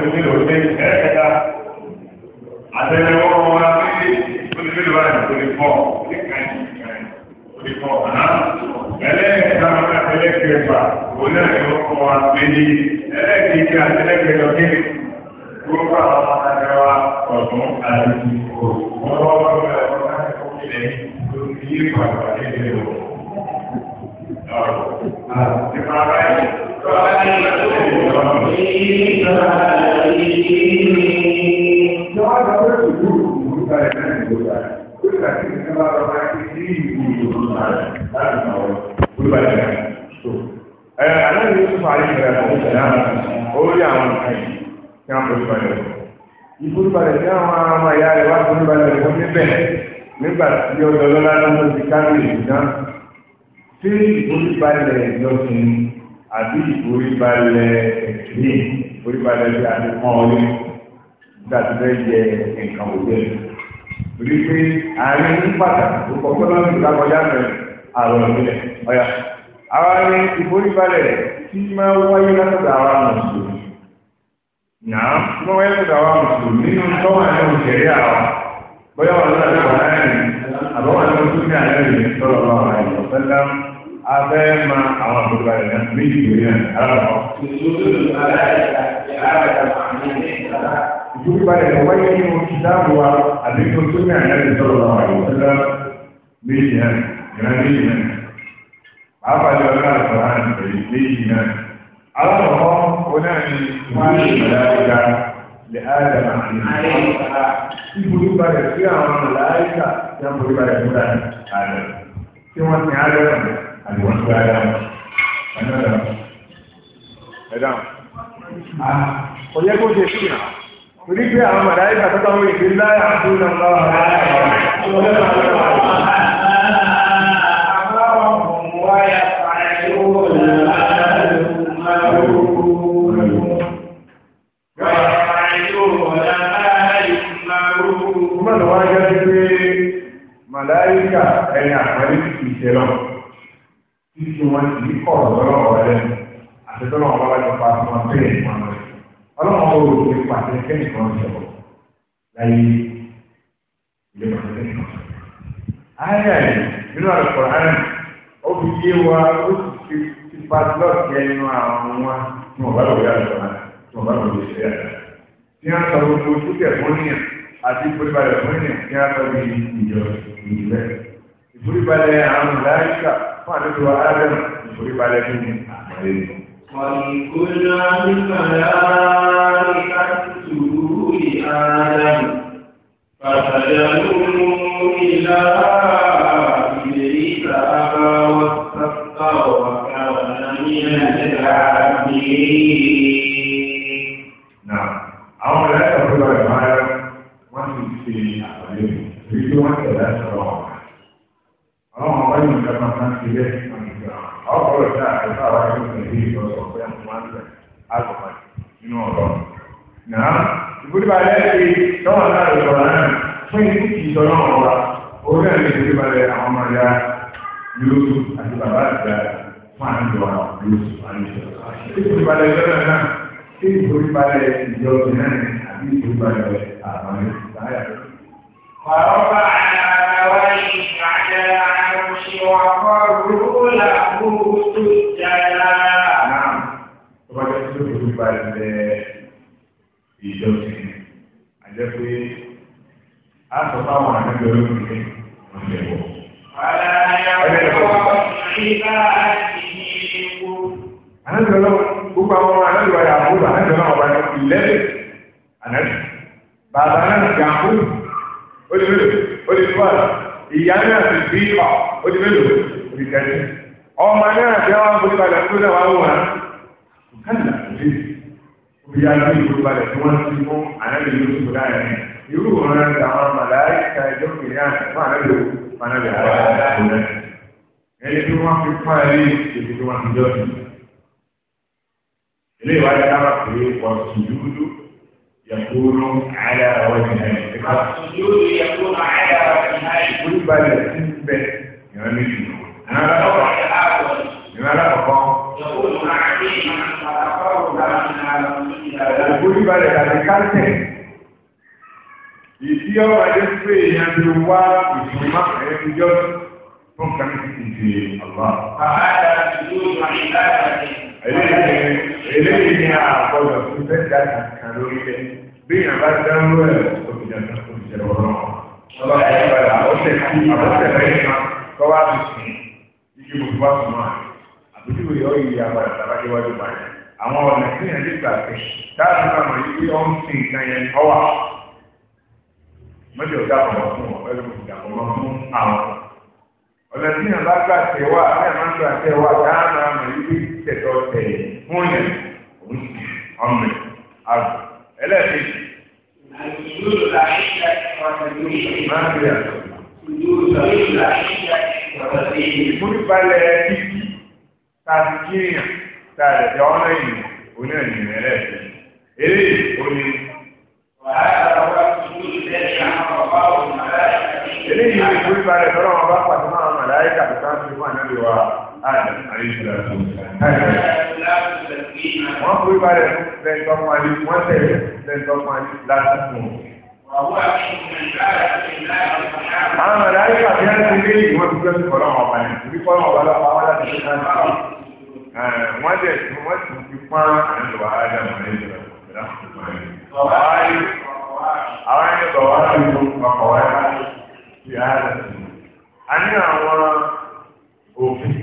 onílò ní ẹ̀ẹ́dẹ́gbẹ́ta àtẹnudẹ́wọ́ wọn ní onílò báyìí onífọ́ oníkàní onífọ́ àná ẹlẹ́ẹ̀ka ẹlẹ́kẹ̀ẹ́fà onílò kọ́ wa méjì ẹlẹ́kẹ̀ẹ́kẹ́ àtẹnudẹ́gbẹ́ta kí gbogbo àwọn akẹ́wà ọ̀dún àti ìkòkò wọn wọ́n wọ́n wọ́n wọ́n wọ́n ilẹ̀ lórí yí pàtó àdéhùn lọ. Ọ̀rọ̀ àti bàbá yìí. Thank you. náà orí àwọn nǹkan yìí kí wọ́n fojú balẹ̀ wọ̀. ìforíbalẹ̀ tí àwọn ọmọ ìyá rẹ̀ wá foríbalẹ̀ wọ̀ níbẹ̀ nígbà tí ọjọ́ lọ́lá lọ́wọ́ ti kárí ìdá tí ìforíbalẹ̀ ìjọsìn àbí ìforíbalẹ̀ ẹ̀kí ìforíbalẹ̀ bí a ti pọ́n ọ lé nígbà tí fẹ́ yẹ nǹkan òjẹ́ torí pé àárín pàtàkì tó kọ́kọ́ lọ́wọ́ ti kákọjá rẹ̀ tí máa wáyé látọ̀dọ̀ àwa mùsùlùmí náà tí wọ́n wáyé látọ̀dọ̀ àwa mùsùlùmí nínú tọ́wọ́ àti òṣèré àwa bóyá wọn lọ́dọ̀ àwa náà ni àbọ̀wọ̀n tó tún ní àlẹ́ rẹ̀ sọ̀rọ̀ lọ́wọ́ àìsàn sẹ́lá abẹ́ ma àwọn àbúrò rẹ̀ náà méjì lórí àlọ́. ìdúró balẹ̀ ló wáyé nínú ìdáàbò wa àbí tó ní àlẹ́ sọ̀rọ̀ lọ́wọ́ àìsàn sẹ́lá méjì náà pàápàá lè ọlọ́run àtọ̀rọ̀ àti méjì náà alákọ̀ọ́ onáàni wọ́n lè mọ̀láyíká lè ádámà àti ìmọ̀lá ìbúrú balẹ̀ sí àwọn mọ̀láyíká tí wọ́n borí balẹ̀ fúnra àlọ́ tí wọ́n ti ádámà àti wọ́n tó ádámà ẹ̀nà ẹ̀dá ẹ̀dá ọ̀yẹ́ kó ṣe sí ìhà torí pé àwọn mọ̀láyíká tó bá wọ́n ìdílé láyà àti ìlànà ọ̀rọ̀ màláíkà ẹni àpẹẹrẹ ìṣẹ́ lọ títí wọn kì í kọ̀ lọ́rọ̀ ọ̀rẹ́ àti tọ́lọ̀ wọn bá jọ pa àwọn abẹ́rẹ́ ìwọ̀n rẹ̀ ọlọ́run ó rò pé pàṣẹ kẹ́ni kan sọ̀rọ̀ láyé ilé pàṣẹ kẹ́ni kan sọ̀rọ̀. ayé àyè nínú àlùkò ayé ó fi yé wa ó sì fi ti padlọ́ọ̀kì ẹnu àwọn wa tí wọ́n bá lọ́ọ́ yá lọ́wọ́ tí wọ́n bá lọ́ọ́ yẹ ṣe àná. tí wọ́n sọ gbogbo dúkẹ́ fún yàn àti ìforíbalẹ̀ fún yàn tí wọ́n sọ bí ìjọ ìjìnlẹ̀. ìforíbalẹ̀ àwọn ìlàyíkà fún àdúgbò wa ìforíbalẹ̀ fún mi àmàlẹ́ mi. Wàlíkúnlá nípa láàárín àtúntò ìhà Ádámù. سعى واستسقى وكان من العابدين نعم àwọn ẹlẹ́tọ̀ tó bá rẹ̀ máa rẹ̀ wọ́n ti ṣe àpàlẹ́ rẹ̀ èyí tó wọ́n tẹ̀lé sọ̀rọ̀ ọ̀gá àwọn ọmọ yìí nǹkan máa máa ń ṣe bẹ́ẹ̀ wọ́n ti gbà ọ́ ọ̀rọ̀ tí a ti sáwà yóò tẹ̀lé bí ìtọ́sọ̀ pé àwọn máa ń tẹ̀ àgbọ̀pá nínú ọ̀rọ̀ náà ìbúdí bá rẹ̀ ṣe tọ́wọ́n láàrin ọ̀rọ̀ náà fún ìdí ìtọ́nà ọ̀rọ̀ orí ẹ̀ yóò àti bàbá àgbà fún àjọ yóò àjọ. ìforíbalẹ̀ ìjọba náà ṣé ìforíbalẹ̀ ìjọba náà àbí ìforíbalẹ̀ àwọn ìgbàlẹ̀. Fàrọ́bà àwọn ìgbàlẹ̀ àwọn ìwàkọ̀ rúlà kúrúkú dára. Náà, ọba jẹ́ tó ìforíbalẹ̀ ìjọba àjẹ́ pé a sọ fáwọn àgbẹ̀rẹ̀ òkè ọ̀sẹ̀ bọ̀. Ànájọ́ náà gbogbo àwọn ọmọ ànájọ́ ọ̀yà àbúrò ànájọ́ náà ọba ìlẹ́lẹ̀ ànájọ́. Bàbá náà ti àbú ó di mélòó ó di fún àná. Ìyá náà ti bí ọ̀ ó di mélòó ó di tẹ́lẹ̀. Ọmọ náà ti àwọn àbúrò balẹ̀ tó náà wà wọ̀n. Kánà ti òbí àti ìlú balẹ̀ tí wọ́n ti mú ànájọ́ ìlú tó dáa yẹn. Irú òun náà ti àwọn màláìka ìjọ́kìnrin àná fanabi ara kò rẹ ẹni tí wọn fi fún ẹ ní ibi tí wọn fi jọ sí ilé ìwádìí náà pé wọn sùdúdú yàkúrú àyà wọnyí náà ìfà sùdúdú yàkúrú àyà wọnyí náà ìfúrú balẹ̀ sí bẹ ìran méjì ìran alákọ̀ọ́ ìran alákọ̀ọ́ ìfúrú balẹ̀ àti káńtẹ̀ ìdí ọ̀rọ̀ ayé sí pé èèyàn ti wá ìṣúná ẹ̀ẹ́dìjọ́ fún kàmí ti di ọ̀la. eléyìí ni àkọlọ̀ tó fẹ́ dá kankan lórí ẹ̀ bí èèyàn bá dáwọ́ ẹ̀ òkìjà tó kò jẹ́ ọ̀rọ̀ ọ̀la ẹ̀ padà ọ̀sẹ̀ tí àbọ̀sẹ̀ lẹ́yìn náà kọ́ wá ti sìn igi gbogbo wá sùn náà àbójúwò yọ ìyí àbàdà tàbí wájú bàjẹ́ àwọn ọ̀nà tí èèyàn lè gbà pé táàbù náà mọ̀ yí pé ọ́n sìn nǹkan yẹn ọ̀wà mọ́tò ọ̀dà ọ̀mọ̀ fún wọn pẹ̀lú ìjà ọ̀mọ̀ fún àwọn. ọ̀nà tí yàn bá gbà tẹ̀ wá ní àmà gbà tẹ̀ wá dáhùn àmà yìí tẹ̀tọ̀ tẹ̀ fún yẹn òun sì ọmọ àgbà ẹlẹ́ẹ̀kejì. ìfúnipalẹ̀ kíkí tàbí kíyàn tàbí ọ̀nà ìlú onílẹ̀ ìrìn ẹlẹ́ẹ̀kejì. eléyìí ó ní eléyìí ni ìwé ìbálẹ̀ lọ́rọ̀ wọn bá pàdé máa ń màláyé kàtó ká fi fún ànábì wa ádàm àyíṣẹ́lá tó wọ́n fún ìbálẹ̀ lẹ́ńtọ́ fún alẹ́ wọ́n tẹ̀lé lẹ́ńtọ́ fún alẹ́ láti fún un. àwọn màláyé kàtó yára ti lé ìwọ́n tó gbẹ́sù kọ́ lọ́wọ́ ọba yẹn torí kọ́ lọ́wọ́ ọba lọ́wọ́ àwọn aláàbò tó ká sí. wọ́n dẹ̀ tún wọ́n tún fi pọ́n ànábì wa ádàm àyíṣẹ́lá tó قواعد àwọn ẹni tọ̀wọ́ náà ló ń pa ọ̀wọ́ ẹ̀ ti ààrẹ sí i. a ní àwọn òfin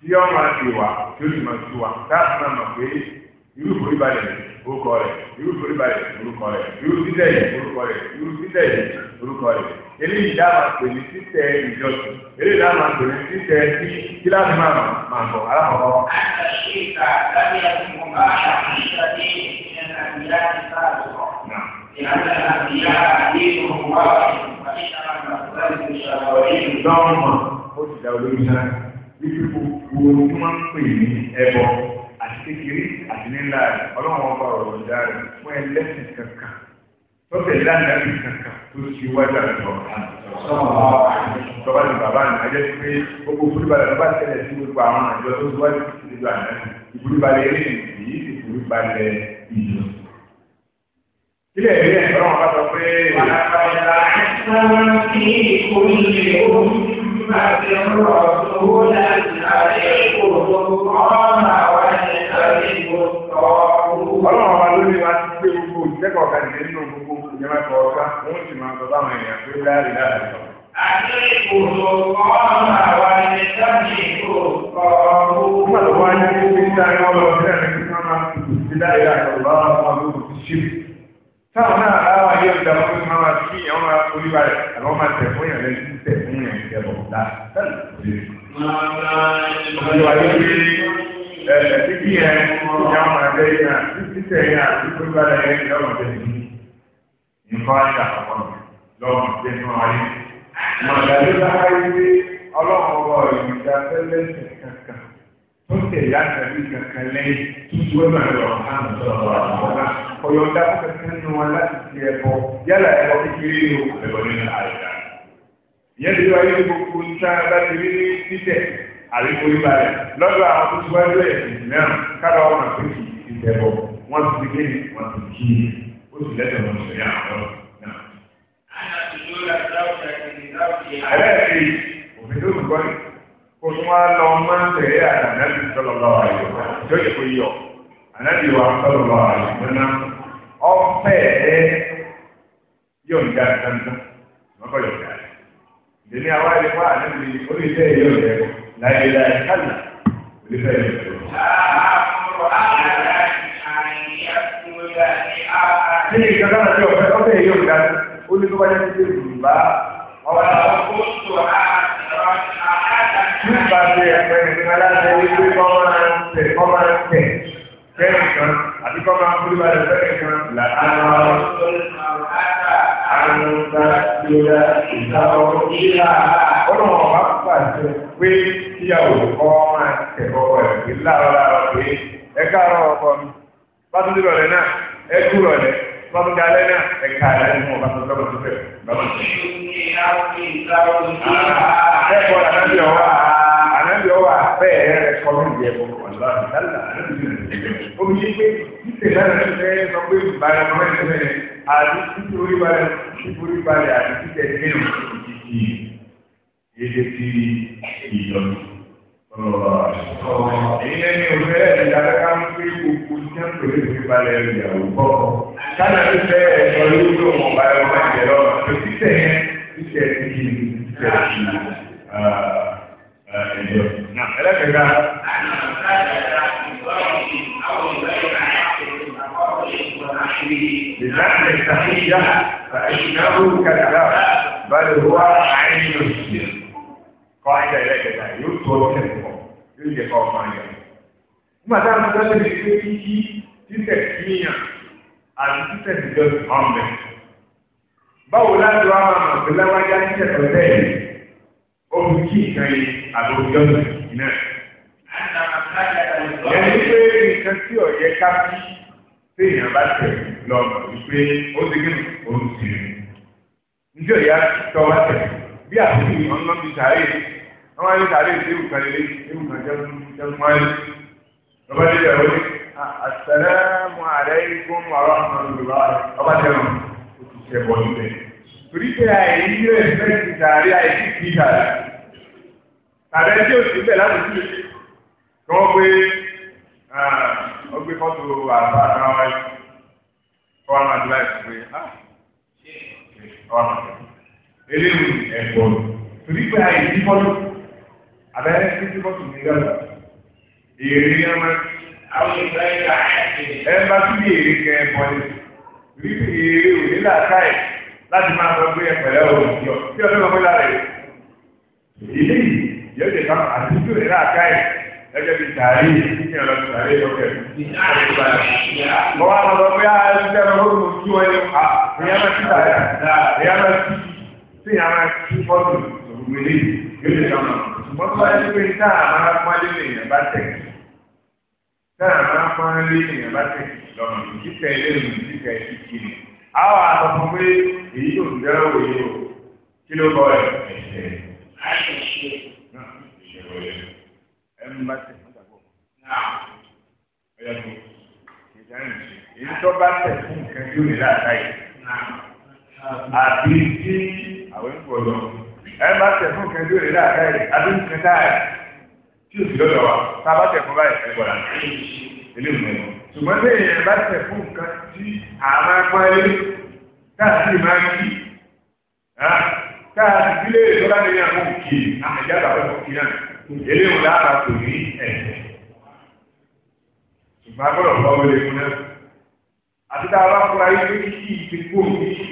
tí ó máa ti wà tí ó sì máa ti wà láti máa mọ̀ pé irú ìforíbalẹ̀ orúkọ rẹ̀ irú ìforíbalẹ̀ orúkọ rẹ̀ irú sílẹ̀ yìí orúkọ rẹ̀ irú sílẹ̀ yìí orúkọ rẹ̀ eléyìí dáhùn àpèlè títẹ ìjọsìn eléyìí dáhùn àpèlè títẹ tí kíláàsì máa mọ̀ máa bọ̀ alákọ̀ọ́. lọ́mọ ó ti dá olórí sára wípé gbogbo ohun tí wọ́n ń pè ní ẹbọ àti kékeré àti nílá rẹ̀ ọlọ́run ọba ọ̀rọ̀ ìdá rẹ̀ fún ẹlẹ́sìn kankan tọ́tẹ̀ lánàá bí kankan tó ti wájú àtọ̀ tọ́ba bàbá ní ajẹ́ pé gbogbo ìfúrúbalẹ̀ ló bá tẹ̀lé sí gbogbo àwọn àjọ tó ti wájú ti ti lọ àná ìfúrúbalẹ̀ eré ìdí ìfúrúbalẹ̀ ìlú. Ilé ẹ̀rí ẹ̀ tọ́lọ́ wọn bá sọ pé àlàkàlà ẹ̀sán kí ìkórìlè òun máa ti rọ̀ tó láti àlẹ́ ìkòrò ọ̀nà wáyé àlẹ́ Ọlọ́run wa ló ní wa ti gbé gbogbo ìkẹ́kọ̀ọ́ kan nínú gbogbo ìjọba kọ̀ọ̀kan wọ́n sì máa sọ báwọn èèyàn pé láàrin láàrin lọ. àti ìkòrò ọ̀hún àwa ni sábì ìkò ọ̀hún. nígbà tó wáyé ní pípa ní wọn lọ sí ẹni tí wọn máa ti láàrin láàrin lọ bá wọn lọ sí ṣe. táwọn náà láwọn ayé ọjà wọn fi máa kí ìyàwó máa forí balẹ̀ àbọ̀ máa tẹ̀ fún ìyàn lẹ́yìn tẹ̀ fún ìyàn ìjẹ̀bọ̀ láti ẹ̀ẹ́dẹ́gbẹ̀ẹ́ yẹn ìyá ọmọ ẹgbẹ́ yẹn àti títẹ̀ yẹn àti pípa yẹn ìyá ọmọ ẹgbẹ́ yẹn nǹkan ayé àkọ́kọ́ lọ́wọ́ ìgbé nínú ayé. Mọ̀lẹ́bí láyé pé ọlọ́run ọba ìgbìyà tẹ́lẹ̀ kankan tó tẹ̀lé àtàlí kankan lẹ́yìn tó wẹ́mọ̀ lọ àmọ̀tọ́lọ́wọ́ ọ̀yọ̀dá kankan nínú wọn láti fi ẹ̀bọ yálà ẹ̀bọ kékeré ní o ẹ̀bọ nínú àyíká. Ìyẹn ti wáyé gbogbo nta láti rí ní títẹ̀ àríkò ìbàlẹ̀ lọ́dọ̀ àwọn tó ti wáyé ẹ̀sìn náà kára ọmọ àpèjì ìtẹ̀bọ̀ wọ́n ti gbé wọ́n ti kí i oṣù lẹ́sẹ̀ wọn ṣe yà lọ. Ààrẹ ti òfin tó dùn kọ́ni kó tún wá lọ máa ń tẹ̀lé ànábì sọ̀rọ̀ lọ́wọ́ àyè wa tí ó yẹ kó yọ ànábì wa sọ̀rọ̀ lọ́wọ́ àyè wa náà ọ̀fẹ́ ẹ̀ yóò ń jáde dáńdá lọ́kọ̀ yóò jáde. Ìdílé àwa ilé wa ànábì oníṣẹ́ yóò yẹ láyé láyé kálí oníṣẹ́ yóò yẹ. Kí ni ìjọba náà ti ọ̀fẹ́ ọ̀fẹ́ yìí yóò dáná? Ó ní tó bá jẹ́ títí ìgbà. Ọ̀rọ̀ àwọn kó tó àtàkùn. Nígbà tí ẹ̀fẹ́ nìkan aláṣẹ wípé kọ́ máa ń tẹ̀ kọ́ máa ń tẹ̀ fẹ́ẹ̀ kan àti kọ́ máa ń búrú balẹ̀ fẹ́ẹ̀ kan là á lọ. Àwọn ọ̀gá ti ra ìdáwọ́ ìlà. Ọlọ́run ọ̀gá pàṣẹ pé kíyàwó kọ́ máa tẹ̀ kọ́ ẹ̀ lára pé ẹ káàárọ̀ ọkọ mi bàtúndì rọ̀lẹ́ náà ẹ̀kú rọ̀lẹ́ bàtúndì alẹ́ náà ẹ̀ka alẹ́ nínú bàtúndì rọ̀lẹ́ tó fẹ́. ẹ̀kọ́ ànábì ọ̀wà ànábì ọ̀wà bẹ́ẹ̀ ẹ̀rẹ̀ kọ́ ló ń jẹ bọ̀ ọ̀la ìdálà omi yìí pé títẹ̀ náà ti fẹ́ sọ pé ìbára ọmọ ẹ̀ fẹ́ àti títí orí balẹ̀ àti títẹ̀ nínú ìdí ìdí èyí lẹ́ni òfẹ́ ìdájọ́ ká ń pé gbogbo tí wọ́n pèlè fi balẹ̀ ìyàwó bọ́. sábà tó fẹ́ ẹ̀sọ́ lórí tó mọ̀ bá ẹ̀rọ máa jẹ lọ́wọ́ tó ti tẹ̀ yẹn ti tẹ̀ ti kì í tẹ̀ sí ẹ̀jọ́. ẹlẹ́kẹ̀ẹ́ká. لذلك التحية فإنه كذاب بل هو kọ́ ayé ẹlẹ́kẹta yóò tó ọlọ́kẹ́ pọ̀ yóò yẹ kọ́ ọmọ ayé. nígbà tá a ti dáná ní pé yíyí títẹ̀ kíyàn àti títẹ̀ dídọ́ ọ̀mẹ́. báwo láti wá máa mọ̀ pé láwájá títẹ̀ tó bẹ́ẹ̀ ó fi kí nǹkan yìí àbí òjò náà. ẹni pé nǹkan tí ọ̀yẹ́ ká bí téèyàn bá tẹ̀ lọ́nà wípé ó ti gbé òun sí i. njẹ́ ìyá tọ́ wá tẹ̀ bí àti ìwọ̀n náà sáré wọ́n wáyé tàbí ìdí ìkàlélé ìwùkàn jẹun wáyé lọ́ba dé bẹ̀rẹ̀ wọlé àṣàlámù àlẹ́kùn ọ̀rọ̀ ọ̀nàdùnúwà ọba jẹun ó ti ṣe bọ̀ níbẹ̀. torí pé àìní rẹ̀ fẹ́ ti tààrí àìsí kì í tààrí tàbí ẹni tí ó ti láti fi kí wọ́n gbé wọ́n gbé fọ́tò àbá àwọn wáyé kọ́ àwọn àdúrà ìfúnpé ọ̀rọ̀ eléyìí ẹ̀gbọ́n torí pé àìsí fọ́tò abẹ́rẹ́ títí bọ́ọ̀tù ní dọ́là èrè ni ọmọ ẹ bá tún bí èrè kẹ ẹ bọ́ ni rí bí èrè ò ní làákàyè láti máa sọ pé ẹ̀pẹ̀lẹ́ ò ní yọ tí ọdún ọmọ lára rẹ̀ èyí yóò dé kan àtúntò ní làákàyè ẹgbẹ́ bíi tààrí ní ọ̀rọ̀ tààrí ọ̀kẹ́ mọ wá lọ sọ pé á ẹgbẹ́ ọmọ ló ń tú ẹni à ìyá máa ti tààrí à ìyá ìyá máa ti bọ́ọ̀tù ṣùgbọ́n tó wáyé pé tá a máa pọ́nlé lèèyàn bá tẹ̀ tá a máa pọ́nlé lèèyàn bá tẹ̀ lọ́nà títẹ̀ lẹ́nu títẹ̀ títì ni àwọn àtọ̀kùn pé èyí yóò jẹ́ òye o kí ló kọ́ ẹ̀ ẹ̀ṣẹ̀ ẹ̀ ń bá tẹ̀ èyí tó bá tẹ̀ fún nǹkan yóò rí láàárín àbí tí àwọn ìfọ̀lọ́ ẹ bá tẹ̀ fún kẹjú rẹ̀ láàárọ̀ rẹ̀ adúlù kẹta rẹ̀ tí o sì lọ́dọ̀ wa tá a bá tẹ̀ fún báyìí ẹ gbọ́dọ̀ eléyìí mọ̀ ṣùgbọ́n tí èèyàn bá tẹ̀ fún nǹkan tí àwọn apáyé táàsì máa ń kí táàsì sílé ìjọba ní àwọn òkè àmàjá bàbá òkè náà eléyìí láàbà kò ní ẹ̀sẹ̀ ṣùgbọ́n agbọ́dọ̀ bá wọlé fún náà àti tá a bá fúra yín pé kí ìfikún òkè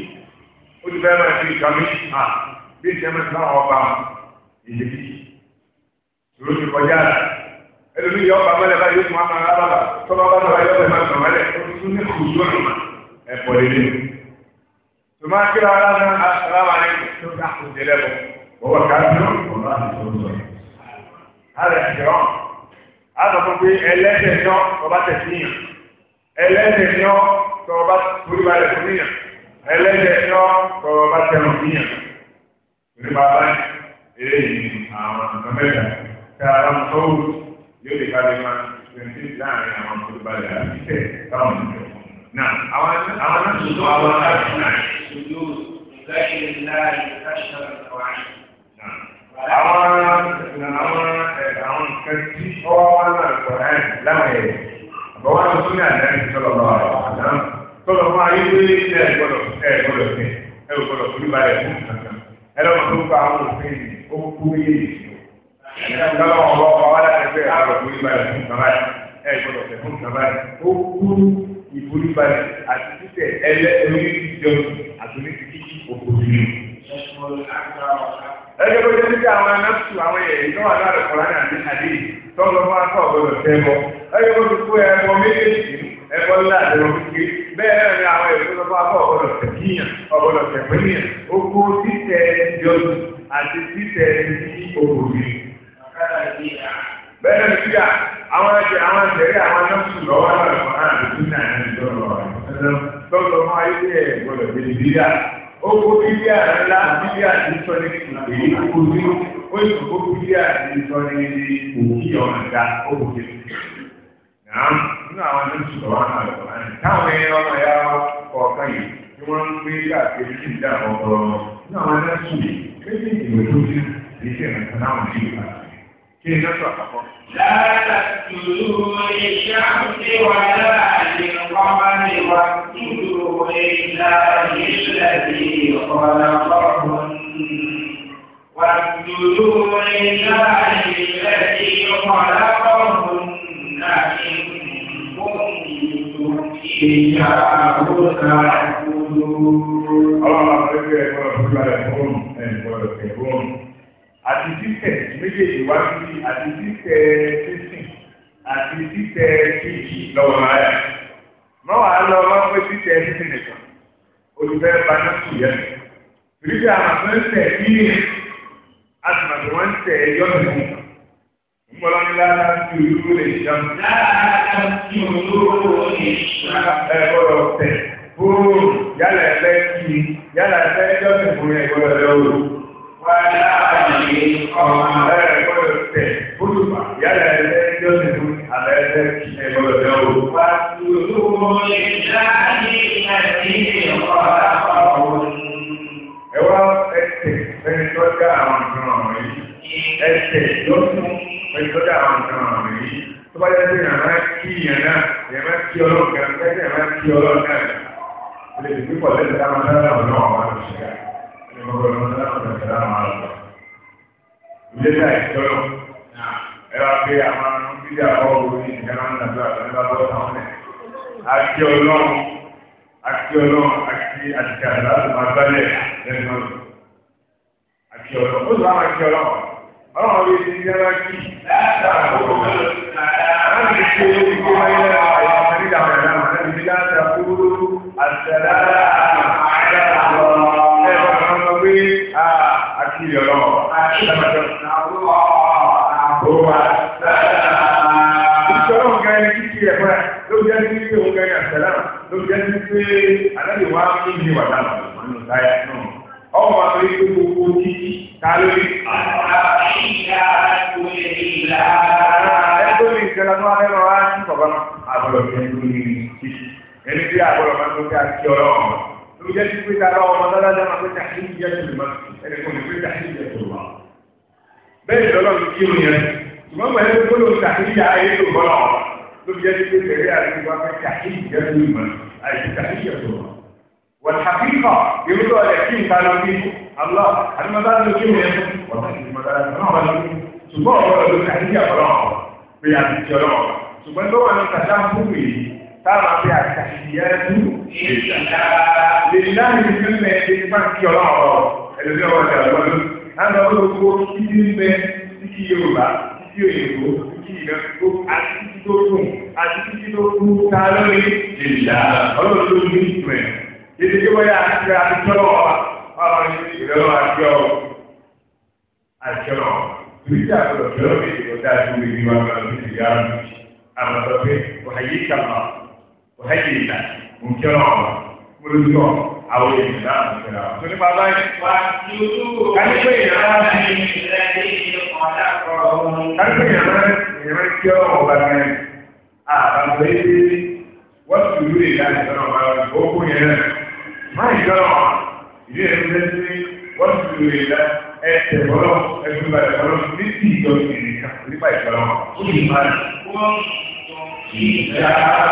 ó ti fẹ́ máa fi ìkàwé bí ìṣẹ́mi tí wọ́n ọba ìdèbí ìró ti kọjá rẹ̀ ẹlòmí yọ ọba mẹlẹ báyìí yóò tún wọn máa bàbà tọ́lá ọba náà yọ ọba ìmọ̀ mẹlẹ tún ní kùsù ọ̀nà ẹ̀pọ̀ lélẹ̀ tó máa kíra ara náà ara wa ní tó ká kó délé bọ̀ bọ̀wọ̀ ká dúró ọba àti tó sọ alẹ́ ti rọ̀ azọ pé ẹlẹ́sẹ̀ ní ọba tẹ̀ yàn ẹlẹ́sẹ̀ ní ọba torí yàn ẹlẹ́sẹ̀ ní ọba tẹ̀ yàn. nípa báyìí eléyìí ni àwọn nǹkan mẹ́ta tí a bá ń tọ́wọ́ yóò lè bá lè máa twenty láàrin àwọn tó balẹ̀ àti tẹ̀ táwọn ìjọ fún un. náà àwọn àwọn náà tó tó àwọn láti náà. ṣùgbọ́n lẹ́yìn láàyè káṣíọ̀ ìwà àwọn àwọn àwọn nǹkan tí ọwọ́ wọn náà sọ ẹ́ láwọn ẹ̀ àbọ̀wọ́n náà tún ní àná ìṣọ̀lọ̀ lọ́wọ́ àná tọ́lọ̀ fún ayé pé ẹ gbọ́dọ̀ ẹ gbọ́dọ̀ fẹ́ ẹ gbọ́dọ̀ fún ìbálẹ̀ fún ìtàn ẹlọ́wọ́ tó gba àwọn òfin yìí ó kú yé ìṣó ẹ̀ka lọ́wọ́ ọ̀rọ̀ ọ̀rọ̀ wá láti ẹgbẹ́ àrọ̀ ìforíbalẹ̀ fún kaba yìí ẹ̀ gbọ́dọ̀ fẹ́ fún kaba yìí ó kú ìforíbalẹ̀ àti títẹ̀ ẹlẹ́ onídìjọ àti onídìjì òkòtìlú. ẹgbẹ́ bó ṣe ń tẹ àwọn anáṣù àwọn èèyàn tó wà láàrẹ̀ kọ́lá ní àdé àdé tọ́lọ́ akọ́ ọ̀gbọ́dọ̀ tẹ́ bọ́ bẹ́ẹ̀ náà ni àwọn èrò tó bá bọ̀ ọ̀gbọ́dọ̀ tẹ̀kíyàn ọ̀gbọ́dọ̀ tẹ̀pẹ́yàn oko títẹ̀ yọjú àti títẹ̀ ní òkòrè. bẹ́ẹ̀ náà nígbà àwọn ẹ̀jẹ̀ àwọn ẹ̀jẹ̀rẹ̀ àwọn nọ́ọ̀sù lọ́wọ́ lọ́wọ́ àti náà ní ìjọba tọ́lọ́ máa yí pé ẹ̀gbọ́dọ̀ tẹ̀lé bíyà oko bíyà ńlá bíyà ti sọ ní èyí kúkú sí ó sì kó bíyà ti sọ ní òkì ọ̀nà náà nínú àwọn ẹni sọ̀rọ̀ wọn náà lọ́wọ́ táwọn ẹni ọmọ ya kọ̀ọ̀kan yìí tí wọ́n ń gbé káàkiri sí ìdá àwọn ọ̀rọ̀ nínú àwọn ẹni sùn yìí kéde ìwé tó ti lè ṣe ìrìnàjò náà wọ̀nyí ìgbà kí ni lọ́sọ̀ àkọ́kọ́. lára tùlù iṣẹ́ àti wàhálà àdìrúkọ́mọ́ ni wà tùlù ìlà ìṣẹ̀lẹ̀ ìkọlọ́kọ́kùn وَاتْلُوا إِلَيْهِ الَّذِي خَلَقَهُمْ Ọlọ́run afẹ́fẹ́ ẹ̀kọ́ ìfúnra ẹ̀fọ́n ẹ̀kọ́ ẹ̀fọ́n. Àti títẹ̀ méjèèjì wá sí àti títẹ̀ sísìn àti títẹ̀ kíkì lọ́wọ́ láyà. Mọ́wá lọ máa ń pẹ́ títẹ̀ sísìn nìkan. Olùfẹ́ bàtà kù yẹn. Bíríkì àwọn afẹ́fẹ́ yìí àtìmọ̀tò wọn ń tẹ̀ yọ̀ọ̀tì Mọ̀lọ́ni lára ti olúwo lè ṣam. Lára ti olúwo lè ṣam. Ẹ gbọ́dọ̀ tẹ̀. Bóòlù yálà ẹ̀fẹ́ kí ni yálà ẹ̀fẹ́ jọ́sìn fún ẹ gbọ́dọ̀ lọ o. Wàlá àyè ọ̀hún. Ẹ gbọ́dọ̀ tẹ̀. Bóòlù yálà ẹ̀fẹ́ jọ́sìn fún àlẹ́ ẹ̀fẹ́ kí ẹ gbọ́dọ̀ lọ o. Wà ti olúwo lè ṣáájú àti ìwà ọ̀hún. Ẹ wá ẹsẹ̀ fẹ́ tọ́jà àwọn ọ̀ràn yìí. Ẹsẹ̀ lọ́sùn ẹni tó dá àwọn nǹkan àwọn yìí tó bá yẹ kí èèyàn máa kí èèyàn náà èèyàn máa kí ọlọ́run kan kẹ́kẹ́ èèyàn máa kí ọlọ́run náà ó lè dìbò pọ̀ lẹ́sẹ̀ táwọn sára ọ̀nà àwọn àṣìṣe ẹni gbogbo ọ̀nà sára ọ̀nà sára àwọn àlọ́ ilé náà ìtọ́lọ́ ẹ wá pé àwọn bíbí àwọn orí ìjọba ń dàgbà àti bá bọ́ sáwọn nẹ̀ àti ọlọ́run àti ọlọ́run àti àtìkà láti máa gbálẹ̀ lẹ́nu àti ọlọ́run ó sọ àwọn àti ọlọ́run ọlọ́run lè ṣe yára kí látàrí ọ̀rọ̀ láti ṣe ìgbé wáyé lẹ́nu àwọn àmàlídà ọ̀rẹ́ náà láti ṣe láti àkúrò àtẹ̀lá àyà lọ ẹ̀ bá wọn lọ pé àti ìyọ̀rọ̀ àti ìyọ̀rọ̀ àbúrò àtẹ̀lá. ìṣòro nǹkan ẹni kíkì ẹ̀ fún ẹ ló jẹ́ sí pé òun kẹ́yìn àtẹ̀lá ló jẹ́ sí pé alẹ́ lè wá kí ni wàdà lọ́nà táyà náà ọmọ àti gbogbo títí kálórí. ẹgbẹ́ mi ìṣẹ̀lẹ̀ tó wà lẹ́nu wa ní bàbá náà àbọ̀lọ̀ fi ẹni tó ní títí ẹni tí àbọ̀lọ̀ máa ń tó kí a ti ọ̀rọ̀ ọ̀mọ̀ tó jẹ́ sí pé ká lọ́wọ́ ọmọ dáadáa máa pé kàkí ìyá tó lè má ẹni kò ní pé kàkí ìyá tó lè má. bẹ́ẹ̀ lọ́lọ́ mi kí orin rẹ̀ ṣùgbọ́n pẹ̀lú gbólóhùn kàkí ìyá ayé tó bọ́ lọ́wọ́ tó jẹ́ sí pé tẹ̀lé àti والحقيقة يريدوا أن يكون كانوا فيه الله المدار يكون والله المدار أنا ṣùgbọ́n ọ̀rọ̀ ọ̀rọ̀ kàdíjà ọlọ́run pé àtijọ́ ọlọ́run ṣùgbọ́n ló wà ní kàdá fún mi táwọn abẹ́ àkàṣìyà ẹ̀dùn ìṣẹ̀dá lè láàyè nílẹ̀ nípa ti ọlọ́run ẹ̀lẹ́dẹ́ ọ̀rọ̀ ọ̀rọ̀ láti ọ̀rọ̀ owó kí ní bẹ títí yorùbá títí òyìnbó títí ìrẹ́pọ̀ àti títí tó dùn àti títí tó kú ká lórí ìṣẹ̀dá ọlọ́run ló ní ìtumẹ̀ ibi tí wọ́n yà àti àtijọ́ ọ̀wà ọ̀wà ní ìrẹ́lọ́ àjọ àjọ tìrìtà àgbọ̀dọ̀ tó lọ́wọ́ èdè ọ̀dà tó lè ní wọn lọ́wọ́ sí ìyá rẹ̀ àgbọ̀dọ̀ pé wàhálì kàmá wàhálì ìlà òǹkẹ́ ọ̀wà mọ́lùtọ̀ àwọn èèyàn náà ń fẹ́ra wọn. tó ní bàbá yìí wá kánípé ìyàrá ní kánípé ìyàrá ìyàrá kí ọ̀wà náà àbàbọ̀ yìí ti lù ìlànà ìtọ́nà ọ̀gá ọ̀gbọ́n yẹn máa ń yọrọ ìdí ẹ̀ ń tẹ́sí wọ́n ti lu ìlà ẹsẹ̀ bọ́lọ́ ẹgbẹ́ balẹ̀ bọ́lọ́ ní ti ìjọ ìrìnkà nípa ìjọba wọn. ó sì máa ń wọ́n ìjà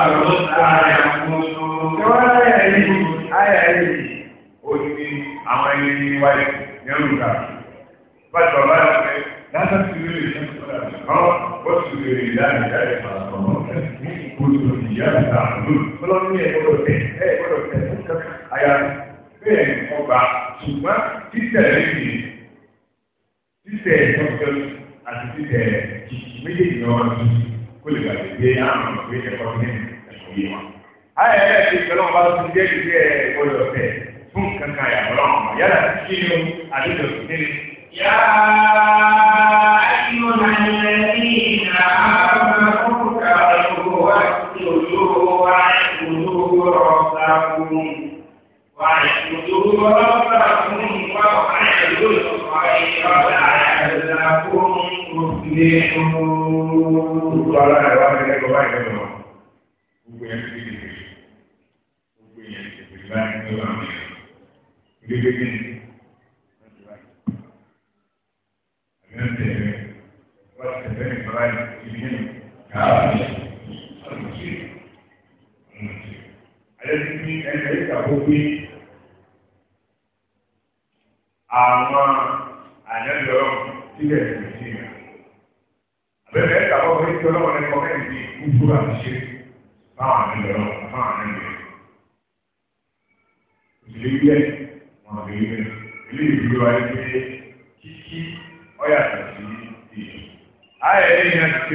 ọ̀rọ̀ sáyà fún un. ṣé wọ́n á yà yìí ayà yìí ó ní àwọn ẹni wáyé yẹn ń kà. bàtà ọ̀la yà pé láti ti lu ìlà ìjọba wọ́n ti lu ìlà ìjọba ìjọba ìjọba ìjọba ìjọba ìjọba ìjọba ìjọba ìjọba ìjọba ìjọba ìjọba ìjọba dáadáa bẹ́ẹ̀ ọgbà ṣùgbọ́n títẹ̀lé mi títẹ̀ tọ́jọ́ àti títẹ̀ kìkì méjèèjì náà wọ́n ti kó lè gbàgbé dé àrùn pé ẹ̀kọ́ ní ẹ̀kọ́ yìí wọn. ayé ẹ̀ ti pẹ̀lú ọba tó ti jẹ́ ìdílé ẹ̀ gbọ́dọ̀ tẹ̀ fún kankan yàtọ̀ náà yálà kí ni o àdéjọ sí nílé. yá ayọ̀ náà ní ẹ̀yìn àwọn ọkùnrin you ló wá sí òjò wa ìlú ọ̀sán fún un. واعبدوا ربكم واعبدوا الخير لعلكم تفلحون. Thank you. ẹni tí ẹni ìkàwọ́ pé àwọn àyẹ̀lọ́ sílẹ̀ ìrìnsì rẹ̀. Àbẹ̀rẹ̀ ìkàwọ́ pé kí ọlọ́wọ́ ní kọ́kẹ́ ìdí kúkú àṣẹ fáwọn àyẹ̀lọ́ fáwọn àyẹ̀lọ́. Òṣèlú yẹ wọn Ilé wa pé kíkí ọ̀yà Ayẹyẹ yẹn ti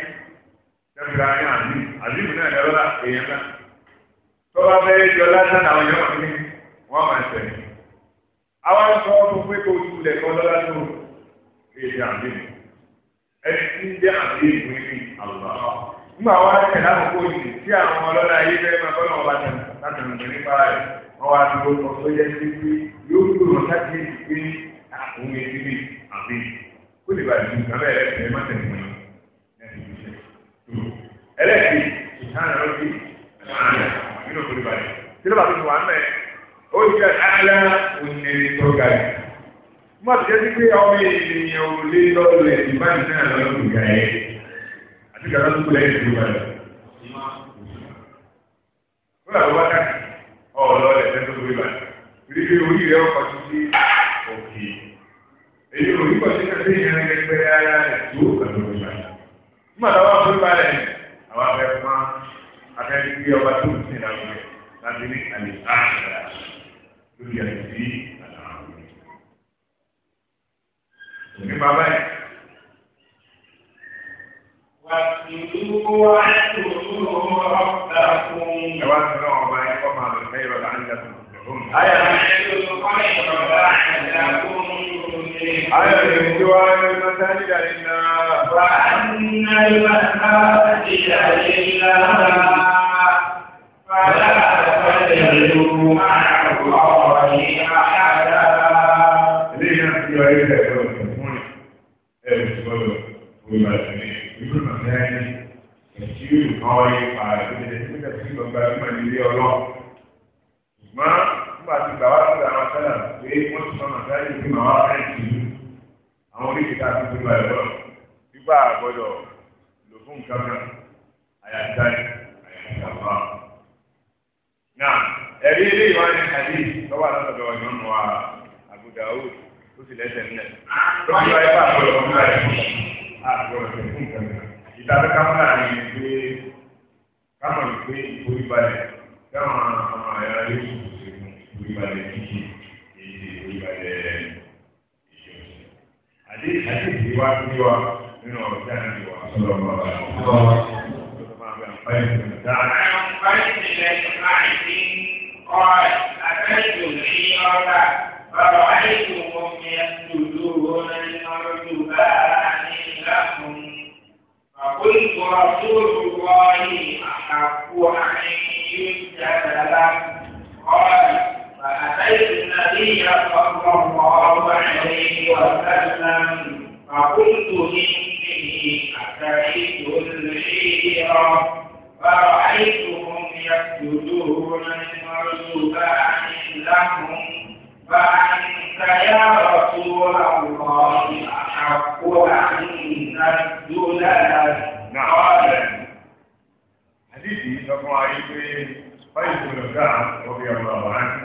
ẹgbẹ̀rún ayé àbí àbíbù náà lẹ́rọ èèyàn náà tó bá fẹ́ jọ lásán àwọn yẹn ní wọ́n máa tẹ̀lé àwọn sọ fún pé kó tu lẹ̀ kọ́ lọ́la tó èdè àbíbù ẹni tí ń jẹ́ àbíbù ní àlọ́ nígbà wọn á tẹ̀lé àkókò yìí tí àwọn ọlọ́lá ayé fẹ́ máa kọ́ láti nípa rẹ̀ wọ́n wá ti gbogbo sí pé yóò gbòòrò ẹlẹ́ẹ̀kì ìtàn ẹ̀rọ bí ẹ̀fọ́nàlẹ̀ nínú òkúri balẹ̀ sílẹ̀bà tó ti wà mẹ́ ó jẹ́ alá onírè tó ga yìí mo ti jẹ́ pé ọmọ ènìyàn ò lé lọ́dọ̀ ẹ̀ ìbá ìtàn ẹ̀rọ ló ga yẹ àti gàdá tó kú lẹ́yìn òkúri balẹ̀ wọ́n làwọn wá káàkiri ọ̀ọ́lọ́ ẹ̀ tẹ́tọ́ òkúri balẹ̀ ìdíje orí rẹ̀ ọkọ̀ tuntun òkè èyí òrí kọ̀ sí kàtẹ́yìn mọ̀lá wà fún balẹ̀ àwọn abẹ fún abẹ́rẹ́ bí ọba tó ti nà wọlé láti ní àlè àṣà lórí àti sí àlàáfíà. Òní bàbá yìí. Wàtúwàtú ọ̀tàkùn. Ẹ wá sí náà ọba ẹ̀kọ́ máa lọ sí ẹ̀rọ láńdà tó. Ayọ̀ ni tí wá ní mọ́tá nígbà nígbà. Wà á ní àyíká náà ti ṣàyè ńlá. Fàdá àtàkùn ìdílé nígbà ma nígbà tí gbà wá sí àwọn sẹ́là pé wọ́n ti sọ̀nà sáyé ìlú àwọn oríṣi a ti gbéra ẹ̀rọ gbígbà gbọ́dọ̀ lò fún nǹkan kan àyàtá àyàtá náà ẹ̀rí ilé ìwà ni àdé lọ́wọ́ àtọ́tọ̀ ọ̀nà wa àgùdà ó ó sì lẹ́sẹ̀ nílẹ̀ lọ́wọ́ àgbọ̀dọ̀ gbé wa nínú ọ̀sẹ̀ àti wà sọ̀rọ̀ bàbá فرأيتهم يسجدون لمرجبان لهم فقلت رسول الله أحق أن يسجد له قال فأتيت النبي صلى الله عليه وسلم فقلت إني أتيت الحيرة فرأيتهم يسجدون لمرزقان لهم فأنت يا رسول الله أحق أن نسجد نعم حديثي يقول عليه قيس طيب بن كعب رضي الله عنه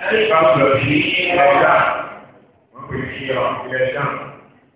أتيت به إلى الشام وفي الحيرة إلى الشام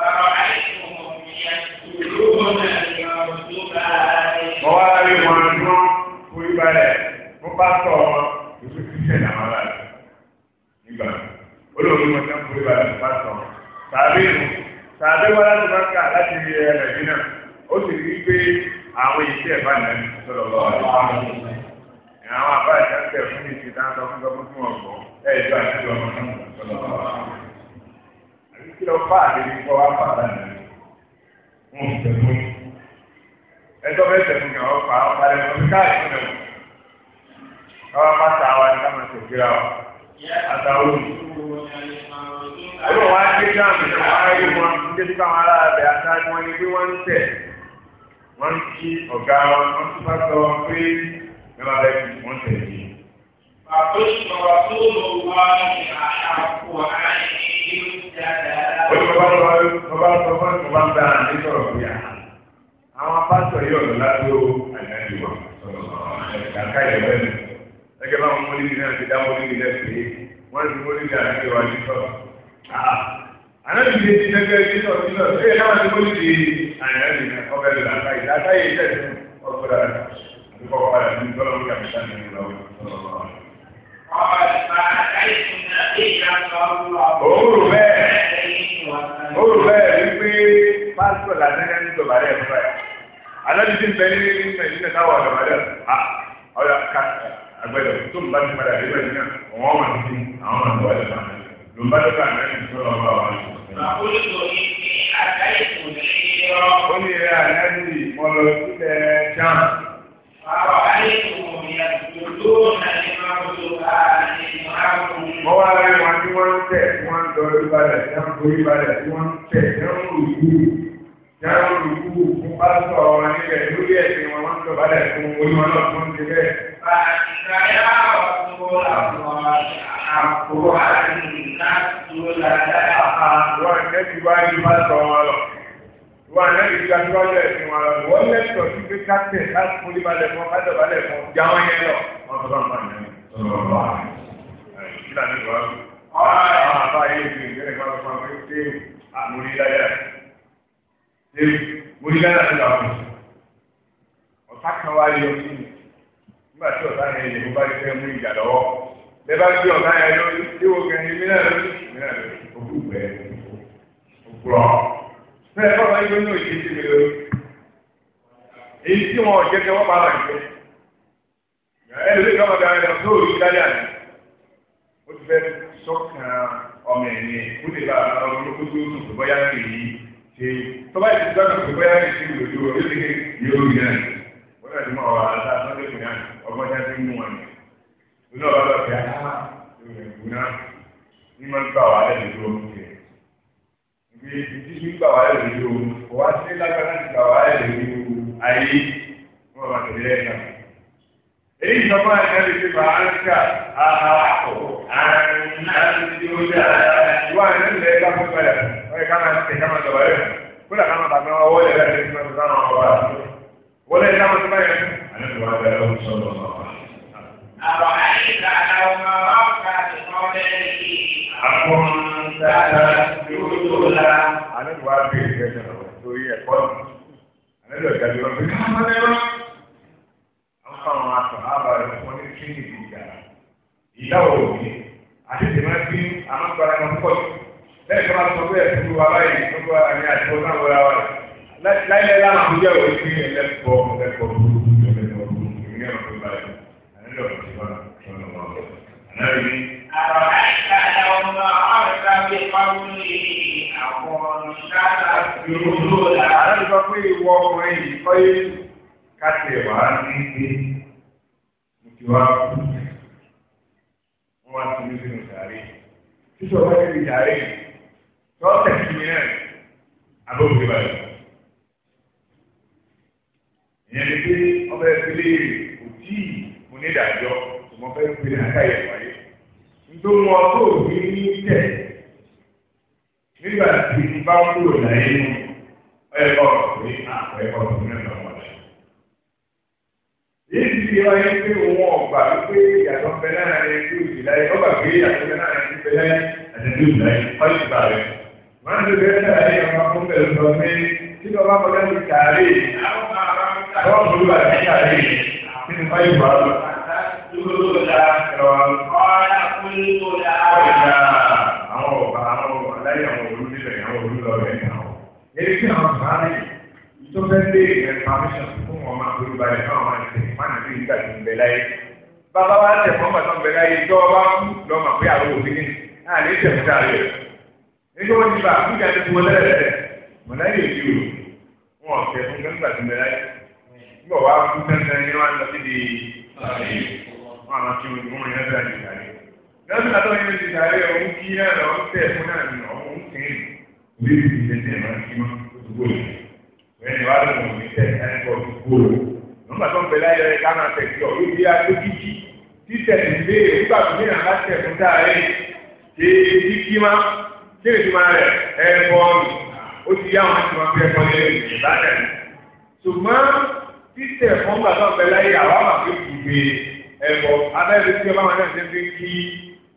Mo wá rí wọn tí wọ́n forí balẹ̀, mo bá tọ̀ wọn, èso ti ṣẹ̀ náà wọ́n balẹ̀. Nígbà olóògùn wọn tí wọ́n forí balẹ̀ mo bá tọ̀ wọn. Tàbí mu, tàbí wọn láti máa kà láti rí ẹ ẹ̀dín náà. Ó sì rí pé àwọn èyí tí ẹ̀ bá nà ní sọ̀rọ̀ lọ́wọ́ àti àwọn àbá ìdájọ́ fún ìsìn dáńtọ́ fún ọgbọ́n fún ọgbọ́n ẹ̀ẹ́dọ́ àti ọmọ náà sọ̀rọ̀ lọ́wọ́ kí lọ fà àdébí kọ́ wá fà lánàá wọn ò tẹ̀ fún ẹjọ́ bẹ́ẹ̀ tẹ̀ fún yàrá ọ̀pá ọ̀pá rẹ̀ lọ́dún káàkiri náà káwá má ta wa ní káma tó kíra wa àtàwọn olùkọ́ wa dé dáàmú ní wọn ayé wọn níbi káwọn ará rẹ̀ àtàwọn wọn ni pé wọ́n ń tẹ̀ wọ́n ń kí ọ̀gá wọn wọ́n tún bá sọ wọn pé ẹ má bẹ́ẹ̀ wọ́n tẹ̀ yìí. فقلت رسول الله أحق أن يبتلى àwọn apáṣọ yóò lọ lábẹ́ o àyàjú wa kàkà ìrẹ́ mi gẹ́gẹ́ bá wọn mọ́lẹ́bí náà ti dá mọ́lẹ́bí náà pé wọ́n ti mọ́lẹ́bí àti ìwà ní sọ̀rọ̀ ànábì ti ti gẹ́gẹ́ bí sọ̀rọ̀ sí lọ́sọ̀ ẹ̀ káwọn ti mọ́lẹ́bí àyàjú náà ọbẹ̀ lọ́la káyìí látàyè tẹ̀sán ọgbọ́dọ̀ àti kọ́kọ́ àti ìtọ́lọ́mù kàmíṣánì ìlọ́wọ́ sọ̀rọ̀ Òwúrò bẹ́ẹ̀ òwúrò bẹ́ẹ̀ wípé pásítọ̀ làtẹ́gẹ́ ní tọ̀bàrẹ́ ẹ̀fọ́ ẹ̀. Alábi ti ń bẹ ní Nàìjíríà táwọn ọ̀dọ̀bàrẹ́ ẹ̀. Ọ̀dà ká àgbẹ̀dọ̀ tó ń bá ti padà dé bẹ́ẹ̀ náà, wọ́n máa ti àwọn ọ̀dọ̀ ọ̀dọ̀ máa ń lò bá lọ́kà náà ní ìṣọ́nà ọba wa. Àkóso yìí ni àdáyé kò ní í rọ. Ó ní ẹ̀rẹ́ àdáyé ìmọ̀lọ́sílẹ̀ Wọ́n wá láyé wọn tí wọ́n ń tẹ̀ tí wọ́n ń lọ ìbàdàn tí wọ́n ń gorí ìbàdàn tí wọ́n ń tẹ̀ tí wọ́n ń lù ìlú tí wọ́n ń lù ìlú fún pásítọ̀ ọ̀rọ̀ níbẹ̀ lórí ẹ̀sìn wọn wọ́n ń lọ bàdàn fún orí wọn náà fún ti bẹ́ẹ̀. Àtìkáyà ọ̀tún àwọn àpò àti ìlànà tó lára àpá. Wọ́n ń tẹ́tí wáyé pásítọ̀ wọn lọ wọn àná lè gba tí wọn lọ ẹsìn wọn lọ wọn lẹtọ sí pé kápẹ láti forí balẹ̀ fún kájọ balẹ̀ fún ọjà wọn yẹn lọ wọn sọ fún àwọn ẹni sọ̀rọ̀ wà ìlà ní ìwà àwọn àbá yẹn ti ń gbẹrẹ fún àwọn pé ṣé àmúríláyà ṣé múríláyà ti làwọn ọ̀tá kan wá yọ sí mi nígbà tí ọ̀tá yẹn yẹ mo bá ti fẹ́ mú ìjà lọ́wọ́ bẹ́ẹ̀ bá gbé ọ̀tá yẹn lórí tí wọ́n kẹ́ni mílíọ̀nù mílíọ̀nù òkú gbẹ òkúrọ̀ fẹ́ẹ́ bọ́lá ní òye sí mi lórí èyí tí wọn ò kí wọ́n bá wà jẹ́ ẹlòmíì kan ọ̀gá ẹ̀rọ tó òye dálé àná ó ti fẹ́ sọ́kàn ọmọ ẹ̀yìn kó lè bá ọmọ olókùn tó sùn tó bọ́yá rè yí ṣe tó bá ti sọ́kàn tó bọ́yá rè sí lòdì ó lè ní yóò rí náà wọ́n náà ti mọ ọ̀rọ̀ àti àtọ́lẹ́kùn náà ọgbọ́n tí ti mú wọn ní ọ̀rọ̀ lọ́ọ̀kì ìgbèrè tí ti gbà wá lè rí o kò wá sí lágbára ti gbà wá lè rí o ayé wọn bá tẹ̀lé ẹ̀ náà. èyí ìjọba ẹ̀ka lè fi bá áńkà àhàkọ̀ àrùn àti ọjà ìwà ìrẹ́lẹ̀ ẹ̀ka fún ìgbàlẹ̀ ọ̀yẹ̀ ká máa tẹ̀ ká máa dọ̀bà rẹ̀ kódà ká máa bàgbẹ́ wọn wọlé rẹ̀ lẹ́yìn tó ká máa wà wọlé ká máa tó báyẹn. àlejò wa bẹ̀rẹ̀ ó sọ̀rọ̀ أرأيت لو مررت بقبره أكنت تسجد له. أنا الواحد يتكلم lórí ẹ̀kọ́ náà. Àlejò ìdájọ́ lọ sí káàmọ́lẹ́ lọ. Àwọn fáwọn àtọ̀hábà rẹ̀ fún ní kí ni ìjà. Ìyá òbí àti tèmi bí amágbára kan pọ̀ jù. Bẹ́ẹ̀ tó bá sọ pé ẹ̀sìn tó wà báyìí tó bá ní àjọ náà wọra wa. Ẹ̀rí. Àrọ̀ àìsà ọmọ ọ̀rẹ́ta bí pàmílì àwọn ọ̀nìṣàlá yòrò là. Àrẹ́ sọ pé ìwọ ọkùnrin yìí kọ́ yé káṣẹ̀ wá ní pé mo ti wá kú. Wọ́n wá sí nínú ìdàrí. Títí ọ̀pá ti di ìdàrí. Tọ́tẹ̀ sí mi náà. Àbẹ̀wò ìbàdàn. Ìyẹn ni pé ọbẹ̀ ìpínlẹ̀ Èkó tí mo ní ìdájọ́, mo fẹ́ pè ní àkàyẹ̀wò ló wọn tó ní ní tẹ̀ nígbà tí bá kúrò láyé nù ẹ̀kọ́ ní àpẹẹkọ́ tó ní ẹ̀kọ́ wọn lẹ́yìn. Èyí ti wáyé pé òun ọ̀gbà wípé ìyàtọ̀ bẹ lára ẹni tó ìdí láyé ọgbà pé ìyàtọ̀ bẹ lára ẹni tó bẹ láyé àtẹ̀tẹ̀ ìdí láyé wọ́n ti bá rẹ̀. Wọ́n ti bẹ̀rẹ̀ sára ẹ̀yọ̀ máa fún bẹ̀rù sọ pé tí lọ́ba kọjá ti tààrí àwọn olùwà ti tààrí nínú báyìí wà lọ. Tó ló lọ́ta ẹ̀rọ wa lọ kúlú dá. àwọn ọba àwọn aláyé àwọn olú nílẹ̀ àwọn olú lọ rẹ̀ náà. èyí tí àwọn sàárè tó fẹ́ lé ẹ̀ pàmíṣàn fún ọmọ olùbalẹ̀ náà máa ń tẹ̀ máa ń fi ìgbà tó ń bẹ láyé. bàbá wa tẹ̀ fún ọmọ tó ń bẹ láyé tó ọba kú lọ́mọ pé àwọn òbí ní àlè tẹ̀ fún sàárè rẹ̀. nígbà wọn ti bá àkújà tó ti wọlé rẹ̀ rẹ̀ mọ̀láyé ti o wọn ọ̀tẹ̀ fún gbẹ́ngbà tó ń bẹ láyé. nígbà wa kú tẹ́tẹ́ ní wọn lọ sí di wọn àmọ́ kí lọ́sùn àtọ́ yẹn ti sàárẹ̀ òun kí náà lọ ń tẹ̀ fún náà nù ọ̀hún ń tẹ̀ òbí ti ti tẹ̀ máa kí mọ́ òdúgbò rẹ̀ wẹ́n ni wà á lòun ní tẹ̀ ẹ̀ kọ́ òdúgbò rẹ̀ nọ́mbà tó ń bẹ láyọ̀ ẹ̀ ká máa tẹ̀ sí ọ̀rọ̀ bí adókìkí títẹ̀ ìgbé nígbà tó ní àbá tẹ̀ fún sàárẹ̀ ṣe ti kí má ṣé èdè máa rẹ̀ ẹ̀ kọ́ ó ti yá wọn tí wọ́n fi kí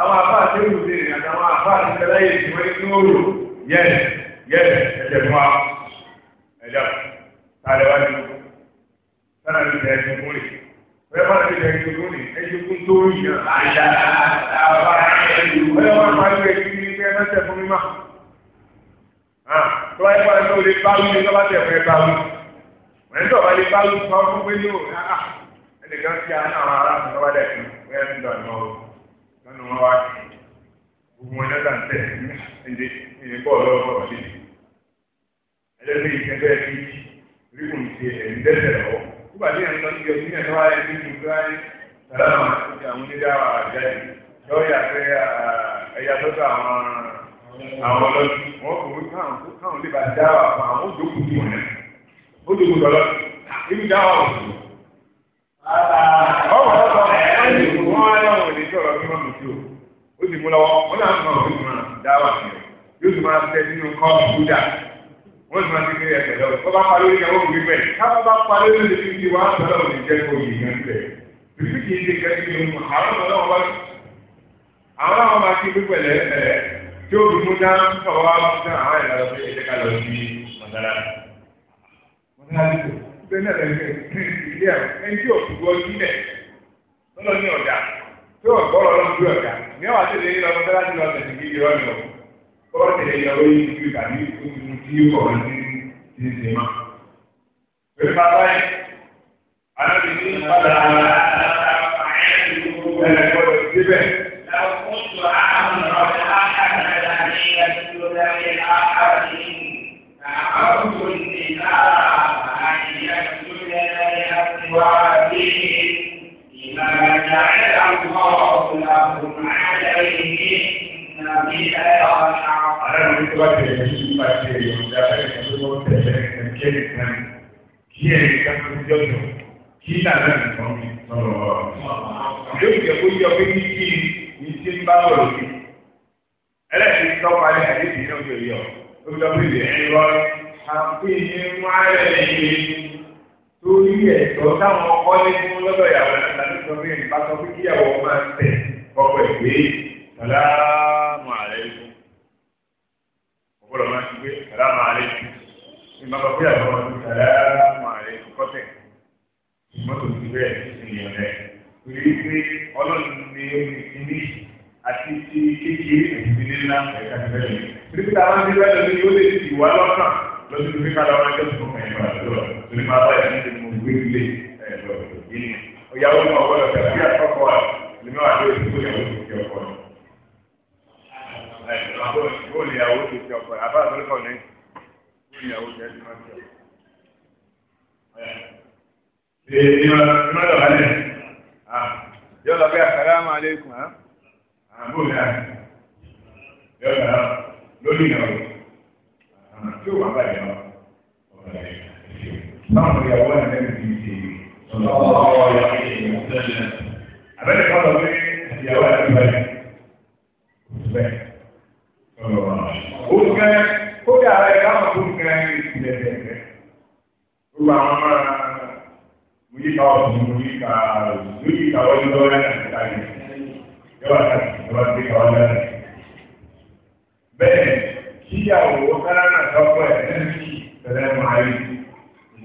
àwọn àfáà tí ó lè rìn àtàwọn àfáà ti tẹ́lẹ̀ yìí tí wọ́n ti ń rò yẹ́ẹ̀ yẹ́ẹ̀ ẹ̀jẹ̀ fún wa ẹ̀jẹ̀ tààrẹ wá ní sọ́nà mi tẹ̀ ẹ̀jẹ̀ fún mi wọ́n bá ti tẹ̀ ẹ̀jẹ̀ fún mi ẹ̀jẹ̀ fún tó rí yẹn. àyà àbá ẹ̀jẹ̀ wọ́n wá pa ẹ̀jẹ̀ kí ni kí ẹ má tẹ̀ fún mi má. tó wáyé pa ẹ̀jẹ̀ tó bá bá lè báwí ọ nínú wọn wá ní gbogbo wọn lọ́dà ń tẹ̀ ní ẹ̀dẹ́ bọ́ọ̀lù lọ́wọ́ bọ́ọ̀lù lé ẹlẹ́gbẹ́ ìkẹ́fẹ́ bí rígùn ti ẹ̀yìn dẹ́sẹ̀ lọ́wọ́ nígbà tí ẹ̀yìn lọ sí ọdún yẹn tó wáyé bí mo gbá ní sàlámà àti àwọn onídàá àjáde lọ́ọ̀yà fẹ́ ẹ̀yà lọ́dọ̀ àwọn àwọn ọlọ́dún wọn kò wí káwọn lè bá dá àwọn àwọn òdòkú tó wọn ó dòkú lọ́lọ́ ó sì mú lọ́wọ́ wọn náà mọ̀ ó sì máa dá wà sí ọ yóò sì máa tẹ nínú kọ́ọ̀mù kúdà wọ́n sì máa ti kéré ẹ̀fẹ̀ lọ́wọ́ bọ́ bá parí orí ìyàwó òbí bẹ́ẹ̀ káwọn bá parí orí ìdí ti wá sọ́dọ̀ òní jẹ́ kó yìí yẹn bẹ̀ bíbí kì í ṣe kẹ́kẹ́ ní ohun àwọn ọ̀dọ́ wọn àwọn àwọn máa kí pípẹ́ lẹ́ẹ̀ tí ó dùn mú dá kọ̀wá wá fún àwọn ìlànà tó yẹ ká lọ sí mọ̀tàlá mọ̀tàlá bẹ́ẹ̀ náà lẹ́yìn ilé àwọn ẹni tí ò tí wọ́n gbọ́ lọ́wọ́ ju ọ̀gá ní wàá tẹ̀lé yìí lọ́wọ́ tẹ́lá jùlọ tẹ̀lé kí yọ ọ̀nà bọ́ọ̀ tẹ̀lé yìí lọ́wọ́ yìí ju ìgbà ní ìlú tí yóò wọ̀ ní ti ń sèmá. pẹ̀lú bàbá yìí alábi ní padà ẹ̀rẹ̀ gbọ́dọ̀ síbẹ̀. Thank you. ما جعل الله لهم عليه من أنا من توقع يجب ما تريد دافعين سوى تجرين كيفنا كيف كان يجب kí nàlẹ́ nìkan mi sọ̀rọ̀ ọ̀rọ̀ yóò jẹ́ kó yọ pé ní kí ní tí ń bá ọ̀rọ̀ mi ẹlẹ́sìn tọ́pa ní àdébìí náà yóò yọ ó lọ bí ìrìn ẹ̀rọ àti ìrìn wáyé ẹ̀yẹ lórí ẹ̀tọ́ táwọn ọkọ ní fún lọ́dọ̀ ìyàwó àti sọ pé nípa sọ pé kíyàwó máa ń tẹ̀ ọkọ̀ ìwé sàlámù àlẹ́ fún ọgbọ́dọ̀ máa ti gbé sàlámù àlẹ́ fún ìmọ̀ bàbá ìyàwó máa ti sàlámù àlẹ́ fún kọ́tẹ̀ mọ́tò ti bẹ́ẹ̀ ènìyàn rẹ̀ torí pé ọlọ́run ní omi kìíní àti ti kékeré àti ti nílá ẹ̀ka ìbẹ̀rẹ̀ torí pé àwọn ìbẹ̀rẹ̀ lórí ó lè ti wà lọ́kàn lọ́sibí ká lọ́wọ́ ẹjọ́ tó kàn yín padà torí máa bá yàrá níbi mo gbé ilé ẹ̀ lọ yìí ni ìyàwó mi ọ̀gbọ́dọ̀ kẹlẹ́ bí àkọ́kọ́ wa lèmi wà lórí ìdíkò ìyàwó tó fi ọkọ ni. Bó ni ìyàwó tó fi ọkọ àbá àtọ́lẹ́kọ̀ ní ìyàwó tó fi máa fi ọkọ. Ṣé ìmọ̀ lọ Yọ lọ bí assalamu alaykum. Àbúrò mi àná. Yọ lọ lórí ìyàwó. Tí ò wá báyìí lọ, ọ̀gá yẹn báwọn ìyàwó ẹ̀ lẹ́nu ti ṣe ọ̀rọ̀ ìyàwó ìṣẹ̀lẹ̀ tẹ́lẹ̀. Àbẹ̀lẹ̀ kan lọ pé ìyàwó ẹ̀ ti bẹ̀rẹ̀. Bẹ́ẹ̀ ó gẹ́ ó gẹ́ ara ẹ̀ káwọn tó gẹ́ ìṣẹ̀lẹ̀ tẹ̀lẹ̀. Gbogbo àwọn máa mú yíká ọ̀sùn mú yíká ló yíká ọjọ́ lọ́rẹ́ sára náà sọ́kọ̀ ẹ̀ lẹ́yìn tẹ̀lé máa yí.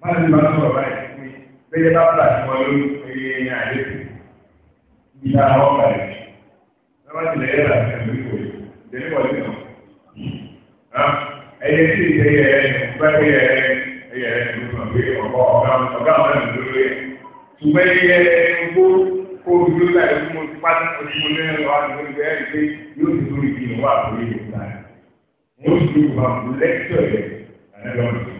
máa ní ìbára sọ̀rọ̀ báyìí pé bẹ́ẹ̀ bá bàtà tí wọ́n lórí pé ní àlékún ìyá àwọn ọ̀gá rẹ̀ lọ́wọ́ ti lẹ́yìn rà pẹ̀lú ìwé ìdẹ́nu wọlé náà. ẹyẹ tí ìdẹ́yẹ ẹ̀ẹ́dẹ́gbẹ́yẹ ẹ̀yẹ ẹ̀ẹ́dẹ́gbẹ́ olùdó láì fún mo ti pàdé ojú lẹ́yìn lọ́wọ́ àti lórí bẹ́ẹ̀ pé yóò ti lórí ìdí ìwà àbúrò yìí láì. Mo ti lu àwọn lẹ́kítọ̀ yẹn lọ́wọ́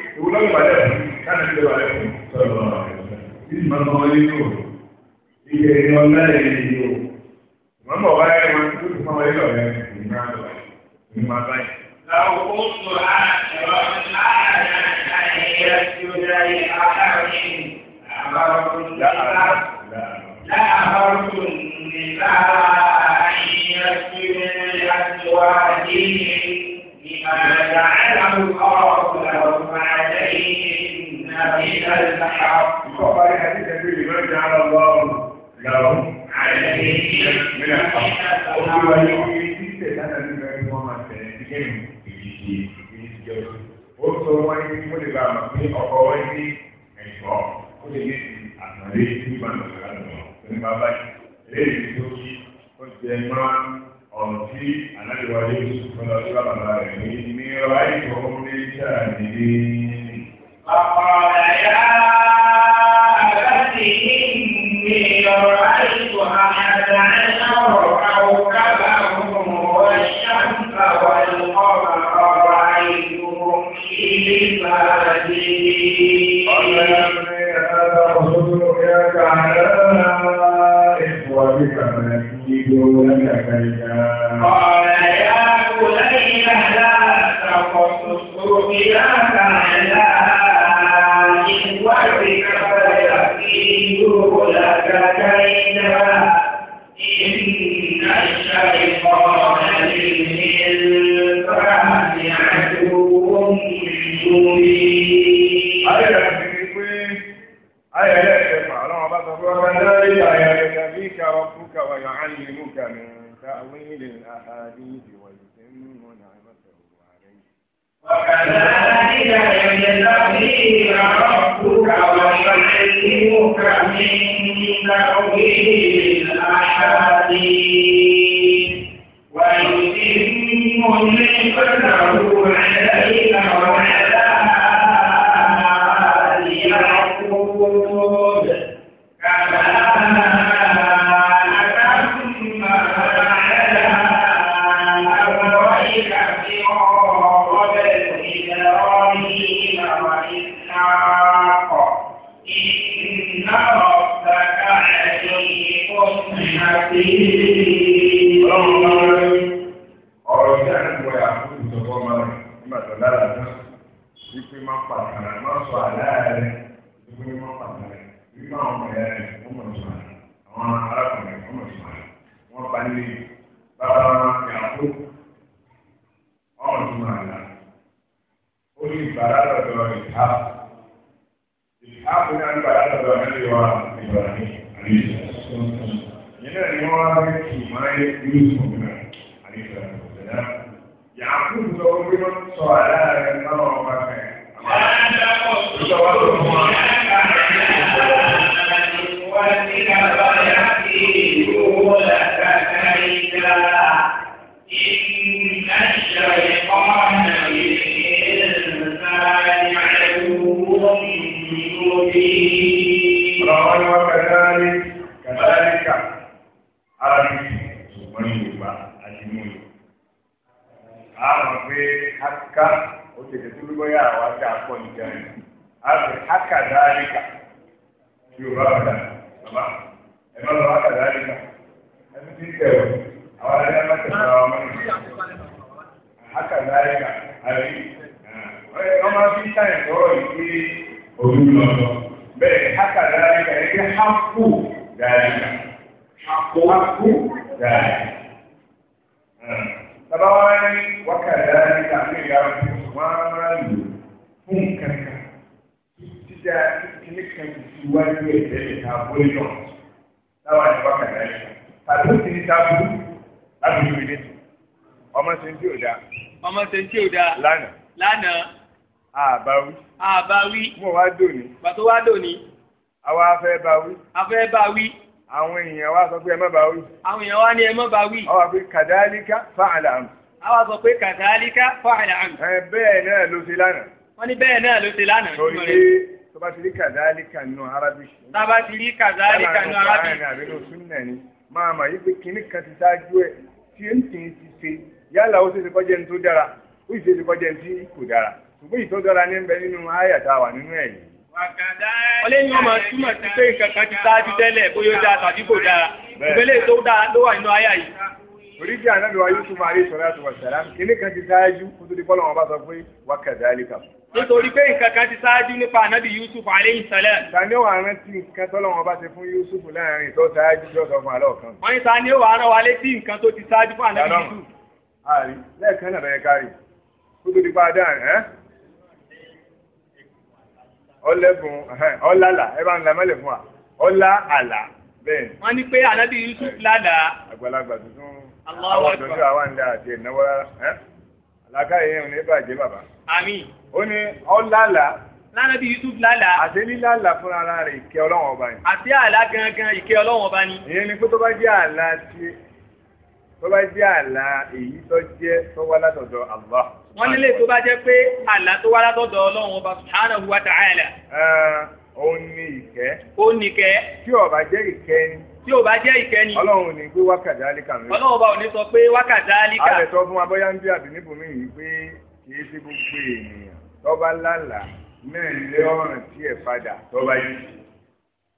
ìwúlọ́ ìbàdàn káàdì ìlú ìbàdàn sọ̀rọ̀ ìdí máa mọ ilé yóò ìgbé ẹni ọ̀nà ilé yóò wọ́n mọ̀ wáyé wọn tó ti fọ́n wáyé lọ́rẹ́ ìlú máa lọ ìlú máa báyìí. Láwọn kóńtò àṣẹwà láàárín àṣàyẹ ìrẹsì òjòyè àárín àbárùn láàárùn nígbà ìrẹsì òjòyè àti wáyé. لما جعله الله عليهم من الحق وقال حديث النبي ما جعل الله لهم عليهم من الحق وقال يوم ó sọ wọn ní kó lè bá a mọ̀ pé ọkọ wọn ní ẹ̀ṣọ́ kó lè ní àtàlẹ́ ìgbìmọ̀ àgbàlagbà lọ́wọ́ nípa báyìí lẹ́yìn tó kí ó jẹ máa ọ̀nà tí ànáyẹ̀wálé ìṣúná ṣúra bàbá rẹ̀ ní ní ráì tó ń lé sáà nílé. Ọ̀pọ̀ ọ̀yà àbáṣe ní ọ̀rọ̀ àìsàn àyàtà ẹ̀ṣọ́ ọ̀rọ̀ àwòká bá òun wọ̀ ṣáǹtà wà lọ́wọ́ ọ̀rọ̀ àìsàn ilé ìbàdí. Ọ̀yà ni ẹ̀rọ ọ̀ṣọ́ṣọ́ yẹ kàrẹ́ náà. وبك مسجد لك فجاء قال يا بني لا تقصص رؤياك على إخوتك فيكيدوا لك كيدا إن الشيطان للإنسان عدو مبين. وكذلك يهديك ربك ويعلمك من تأويل الأحاديث ويتم نعمته عليك وكذلك يهديك ربك ويعلمك من تأويل الأحاديث ويتم نعمته عليك وعلى آل pàtàkì má sọ àlá rẹ̀ ìdúgbò má pàtàkì nígbà wọn mọ̀ ẹ́ rẹ̀ wọ́n mọ̀ sọ àlá àwọn arákùnrin wọ́n mọ̀ sọ àlá wọ́n bá ní bàbá yàgò ọ̀hún tó máa là ó ní ìbára lọ́dọ̀ ìhàbù ìhàbù náà ń bàrà lọ́dọ̀ ẹ̀rọ ìbàrà ní àlejò yẹn náà ni wọ́n á fi kì máa yẹ irú ìfọ̀nà àlejò àti ìfọ̀nà yàgò tó ń gbé sọ àlá rẹ̀ náà wọ́n bá fẹ́ ká ó ti dẹ̀tí bí bóyá àwọn àti àpọ̀ nìkan yìí àti hákàdá àríkà tí o bá padà bàbá ẹ má lọ hákàdá àríkà ẹni tí ń tẹ̀ ọ́ àwọn àti ẹ̀ má tẹ̀ ọ́ ọmọ nìkan hákàdá àríkà àrí ọmọ fi sáyẹn sọ̀rọ̀ yìí pé òun lọ lọ bẹ́ẹ̀ hákàdá àríkà ẹ̀ jẹ́ hákù dáríkà hákù dáríkà. Tabawa ni wakadari kafin yawon wọ́n á máa lò fún nǹkan kan dídá kíní kan ti fi wáyé ẹ̀jẹ̀ lè ta bóyá lọ láwọn àyẹ̀wò àkàtà yìí tàbí ó ti ní tábú láti fi ní ọmọ ṣe ń tí ò dáa. ọmọ ṣe ń tí ò dáa. lánàá. lánàá. àbáwí. àbáwí. mo wá dòní. pàtó wá dòní. àwa afẹ́ báwí. afẹ́ báwí àwọn èèyàn wá sọ pé ẹ má bá àwọn èèyàn wá ní ẹ má bá wí. ọwọ́ àfi kàdáníkà fáàlà àmì àwọn sọ pé kàtàlíkà fáìlà àmì. ẹ bẹ́ẹ̀ náà ló ṣe lánàá. wọ́n ní bẹ́ẹ̀ náà ló ṣe lánàá. torí pé tó bá ti rí kàtàlíkà nù arábì. tá a bá ti rí kàtàlíkà nù arábì. tábà tó kọ́ sunna ni máa mà yí pé kinní kan ti ṣáájú ẹ̀ tí ń tì í ti ṣe yálà ó ṣe kọjá ní tó dára ó sì ṣe kọjá ní tí kò dára ṣùgbọ́n ìtọ́ dára ní bẹ nínú àyà tá a wà nínú ẹ̀ yìí. ọlẹ́yìn ọmọ túmọ̀ sí pé nǹkan kan ti ṣáájú tẹ́lẹ̀ bóyá ó dáa tàbí kò dára ìgbélé tó dáa ló wà nínú àyà yìí torí kí ànábì wa Yusuf alayhi salatu wa salam kíní kan ti ṣáájú kó tó di bọ́lá wọn bá sọ pé wa kadhalika. nítorí pé nǹkan kan ti ṣáájú nípa ànábì Yusuf alayhi salam. sani ó wà rántí nǹkan tó lọ́wọ́ bá ṣe fún Yusuf láàrin tó ṣáájú tó sọ fún alọ́ kan. wọ́n ní sani ó wà rán wa létí nǹkan tó ti ṣáájú fún ànábì Yusuf. àrí lẹ́ẹ̀kan náà bẹ̀rẹ̀ kárì kó tó di padà ẹ́ ọlẹ́bùn ọlálà ẹ bá ń lamẹ́lẹ̀ fún wa ọlá àlà wọ́n ní pé ànábì Yusuf lálàá. àgbàlagbà tuntun àwọn tuntun àwọn ń da àti ìnáwó rárá làákàyè yẹn ò ní bàjẹ́ bàbá. àmín. ó ní ọ lálàá lára bí yusuf lálà. àti lílàlà fúnra ara rẹ̀ ìkẹ́ ọlọ́wọ́n ọba ni. àti àlá gangan ìkẹ́ ọlọ́wọ́n ọba ni. ìyẹn ni pé tó bá jẹ́ àlá tí tó bá jẹ́ àlá èyí tó jẹ́ tó wá látọ̀dọ̀ Allah. wọ́n nílé tó bá jẹ́ pé àlá tó wá látọ̀dọ̀ ọlọ́wọ́n ọba subhanahu wa ta'ala. ó ní ìkẹ́. ó ní ìkẹ́. bá jẹ́ ìkẹ́ ni. tí jẹ́ ìkẹ́ ni. ọlọ́run ní pé wákàtí alíkà mi. ọlọ́run bá ò ní sọ pé wákàtí alíkà. a lè sọ fún wa ń bí pé kì í ènìyàn tọ́ba lálàá náà lé ọ̀ràn tí padà tọ́ba yìí.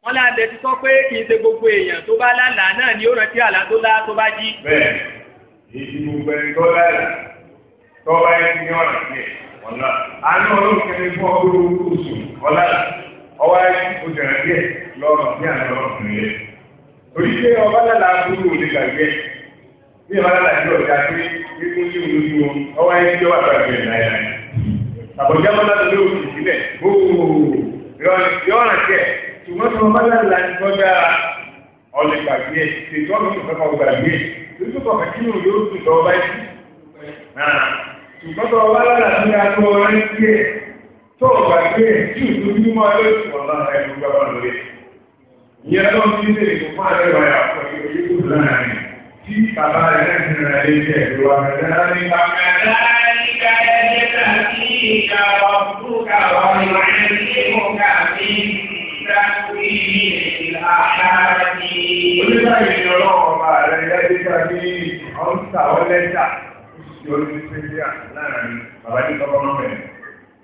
wọ́n ti sọ pé kì ọwọ́ ayé òjòrò díẹ̀ lọ́rọ̀ ní àná ọ̀sìn yẹn. torí pé ọba lálẹ́ àbúrò ò lè gbàgbé bí ọba lálẹ́ àbúrò ọjà pé nínú ní olójú o ọwọ́ ayé tí ó wà gbàgbé náírà. àbọ̀já mọ́lá ló lóòrùn sílẹ̀ ooo yọ̀ọ̀ràn tiẹ̀ ṣùgbọ́n tí ọba lálẹ́ àbúrò ọjà ọ̀lẹ̀ gbàgbé ṣètò ọ̀gbìn ṣùgbọ́n tó ọba lára ní agbó orin díẹ̀ tó o bá gbé ẹ̀ tí ìlú mímọ́ lóṣù ọ̀la ẹ̀rù gbọ́dọ̀ lórí. ìyẹn ló ń bí lè kó fún àlẹ́ wáyà fún ìwé yóò láàrin tí bàbá rẹ̀ náà ti rà lé jẹ́ ìlú wa rẹ̀ náà ní bàbá rẹ̀. Ìgbà ẹ̀jẹ̀ náà sí ìgbà ọ̀dúnkà wọn ni wọ́n ń ṣe mú káàbí ìdákùrí ìlàkàtì. Onígbà yìí ọlọ́run ọba rẹ̀ lẹ́dí tàbí ọ̀ǹtà ọ̀lẹ́dà yóò ní sí ilé àná láàrin bàbá ní tọ́kọ́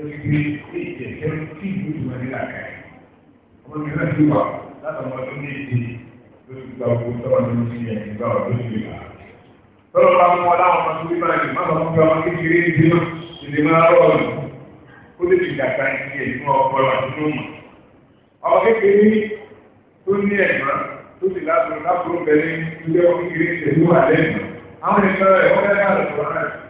ebi ní ìjẹ̀jẹ̀ tí ìlú ìwé ní làkà yìí. Ọmọ mi náà ti wà látàmú ọdún méje lórí ìgbà owó tọ́wọ́ ní oṣù yẹn ìgbà ọdún yìí wà. Tọ́lọ́ bá mú ọ láwọn ọmọ tó bí báyìí, má bàa fún ọmọ kékeré ìdíná ìdí máa rọ̀ ọ̀nà. Ó lè fi dàgbà ìdí ẹ̀ fún ọpọlọ àti lómà. Ọmọ kékeré tó ní ẹ̀gbọ́n tó sì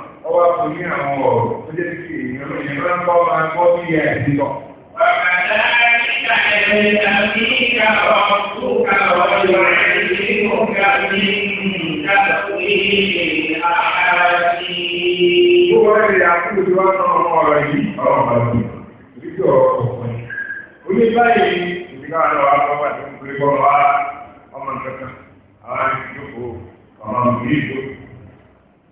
ọwọ́ kò ní àwọn ọ̀rọ̀ tó jẹ́ kí èèyàn ló yẹ máa ń bọ́ máa gbọ́ bí ẹ̀ sí lọ. Bàbá Ìgbà ẹ̀rẹ́ tàbí ìgbà ọ̀tún ká ọ̀rọ̀ àìsí ọ̀gá mi nígbà tó yé àárí. Bó wá lè àkókò tí wọ́n tán ọmọ ọ̀rọ̀ yìí, ọ̀rọ̀ ọ̀rọ̀ mi, ìdíjọ́ ọ̀pọ̀ ni. Ó ní báyìí, ìdíkà lọ wá bọ́ ń pè bọ́ wá ọmọ nǹkan kan, àwọn àti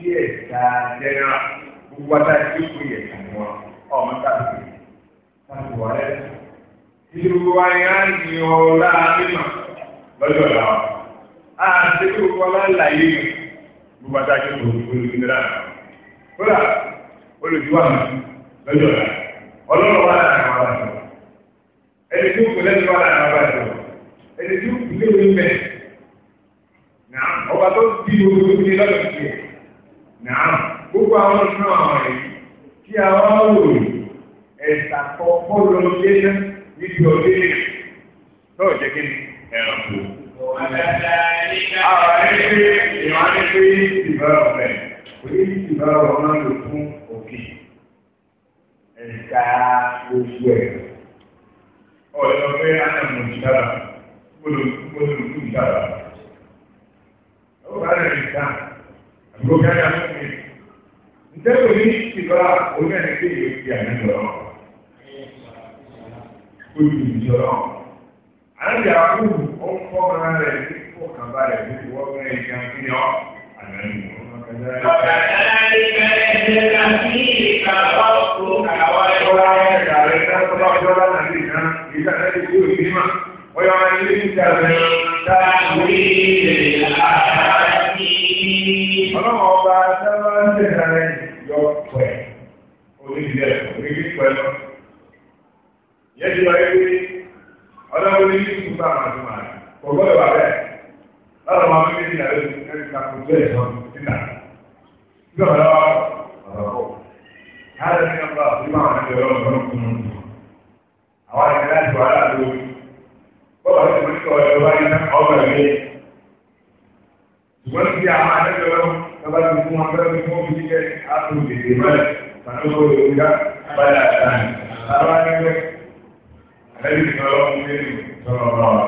sí ẹ̀ka jẹ́nẹ́rà gbogbo ata tí ó kú ẹ̀ka ni wọn ọmọ tàbí tàbí wà lẹ́nu. Ìlú wa ni ọ̀la mímọ̀ lọ́jọ́ la wa. A ti kí gbogbo ọlá ńlá yìí mọ̀ gbogbo ata tí ó kú olùdíjẹ́nẹ́rà. Kódà olùdíwà mi lọ́jọ́ la. Ọlọ́run wà láàrin àwọn àbájọ. Ẹni tí ó kú lẹ́nu wà láàrin àwọn àbájọ. Ẹni tí ó kú léwu mẹ́. Ọba tó di olùdíjẹ́ lọ́dọ̀ sí ẹ̀. Nàá gbogbo àwọn ìṣúná àwọn ẹ̀yìn tí a wá wò ẹ̀sà kan bọ́ọ̀lù ọ̀dẹ́sẹ̀ níbi ọ̀dẹ́sẹ̀ náà jẹ́ kí ni ẹ̀rọ kù. Àwọn ẹgbẹ́ ìwà ní pé ìbára ọ̀fẹ́ kò ní ìbára ọ̀rọ̀ náà lò fún òkè. Ẹ̀ka oṣù ẹ̀. Ọ̀dọ́ pé Ánàmù ìṣára, gbọ́dọ̀ gbọ́dọ̀ kú ìṣára. Ọ̀gá rẹ̀ ìṣára gbogbo ayé àtúnṣe ntẹ́lẹ̀ ní ìgbà oníyànjú tí yóò fi àná lọ kó ju ìjọ lọ. àyànjẹ àkúrú ó ń fọ́ ara rẹ̀ ní kó rẹ̀ ní ìwọ́ bẹ́ẹ̀ ní àfihàn ọ́ àná ní wọn. Ọ̀gá láti bẹ̀rẹ̀ ní àti ìka ọ̀pọ̀ àwọn ẹ̀rọ ẹ̀dá rẹ̀ dákọ̀ lọ́jọ́ lánàá lè ná ìgbà حكيم الله بعد ما انتهى يوقف ṣùgbọ́n níbi àwọn àdájọ́ lọ́wọ́ lọ́ba ti fún wọn lọ́wọ́ fún omi jíjẹ àpò dèdè mọ́lẹ̀ pàtàkó yorùbá báyà sáyẹn àbá nígbẹ́ àdájọ́ ti lọ́wọ́ fún mi sọ̀rọ̀ lọ́wọ́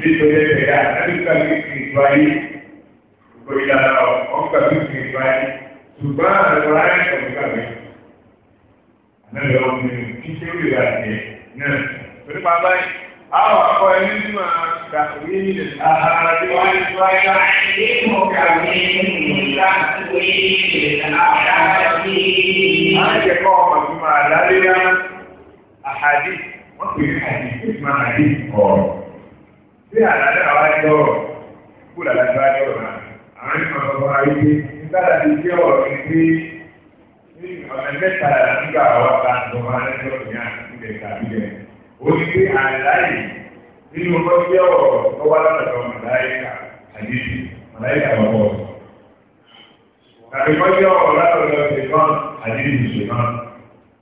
nítorí ẹ̀fẹ̀ yá àdájọ́ ká lè fi ìtọ́ ayé gbogbo ìlànà ọ̀gbà lè fi ìtọ́ ayé ṣùgbọ́n àdájọ́ ayé ọ̀gbà mi àwọn akọ ẹni tí máa gbà wí nílẹ̀. àbàbí wọn sọ ẹ̀ka ìdíkùn kàwé nígbà wí nílẹ̀ àbàbí. máa jẹ kọ́ ọmọ tó máa lálé rá àhàdí wọ́n pè é àdí tó máa àdí ọ̀rọ̀. bí àlàyé àwọn àjọ kú làlàjọ àjọ náà àwọn ènìyàn ọ̀rọ̀ ayé nígbà láti jẹ́ ọ̀rọ̀ ní pé ọ̀nà mẹ́ta nígbà wà bá àjọ máa lẹ́jọ́ ìyá ìdẹ̀ka ìdẹ̀ka ó ní pé àlá yìí nínú kọ́síyà ọ̀rọ̀ tó wá lọ́dọ̀ màláìkà àdìsí màláìkà lọ́wọ́ tàbí kọ́síyà ọ̀rọ̀ látọ̀dọ̀ ṣèkán àdìsí ṣèkán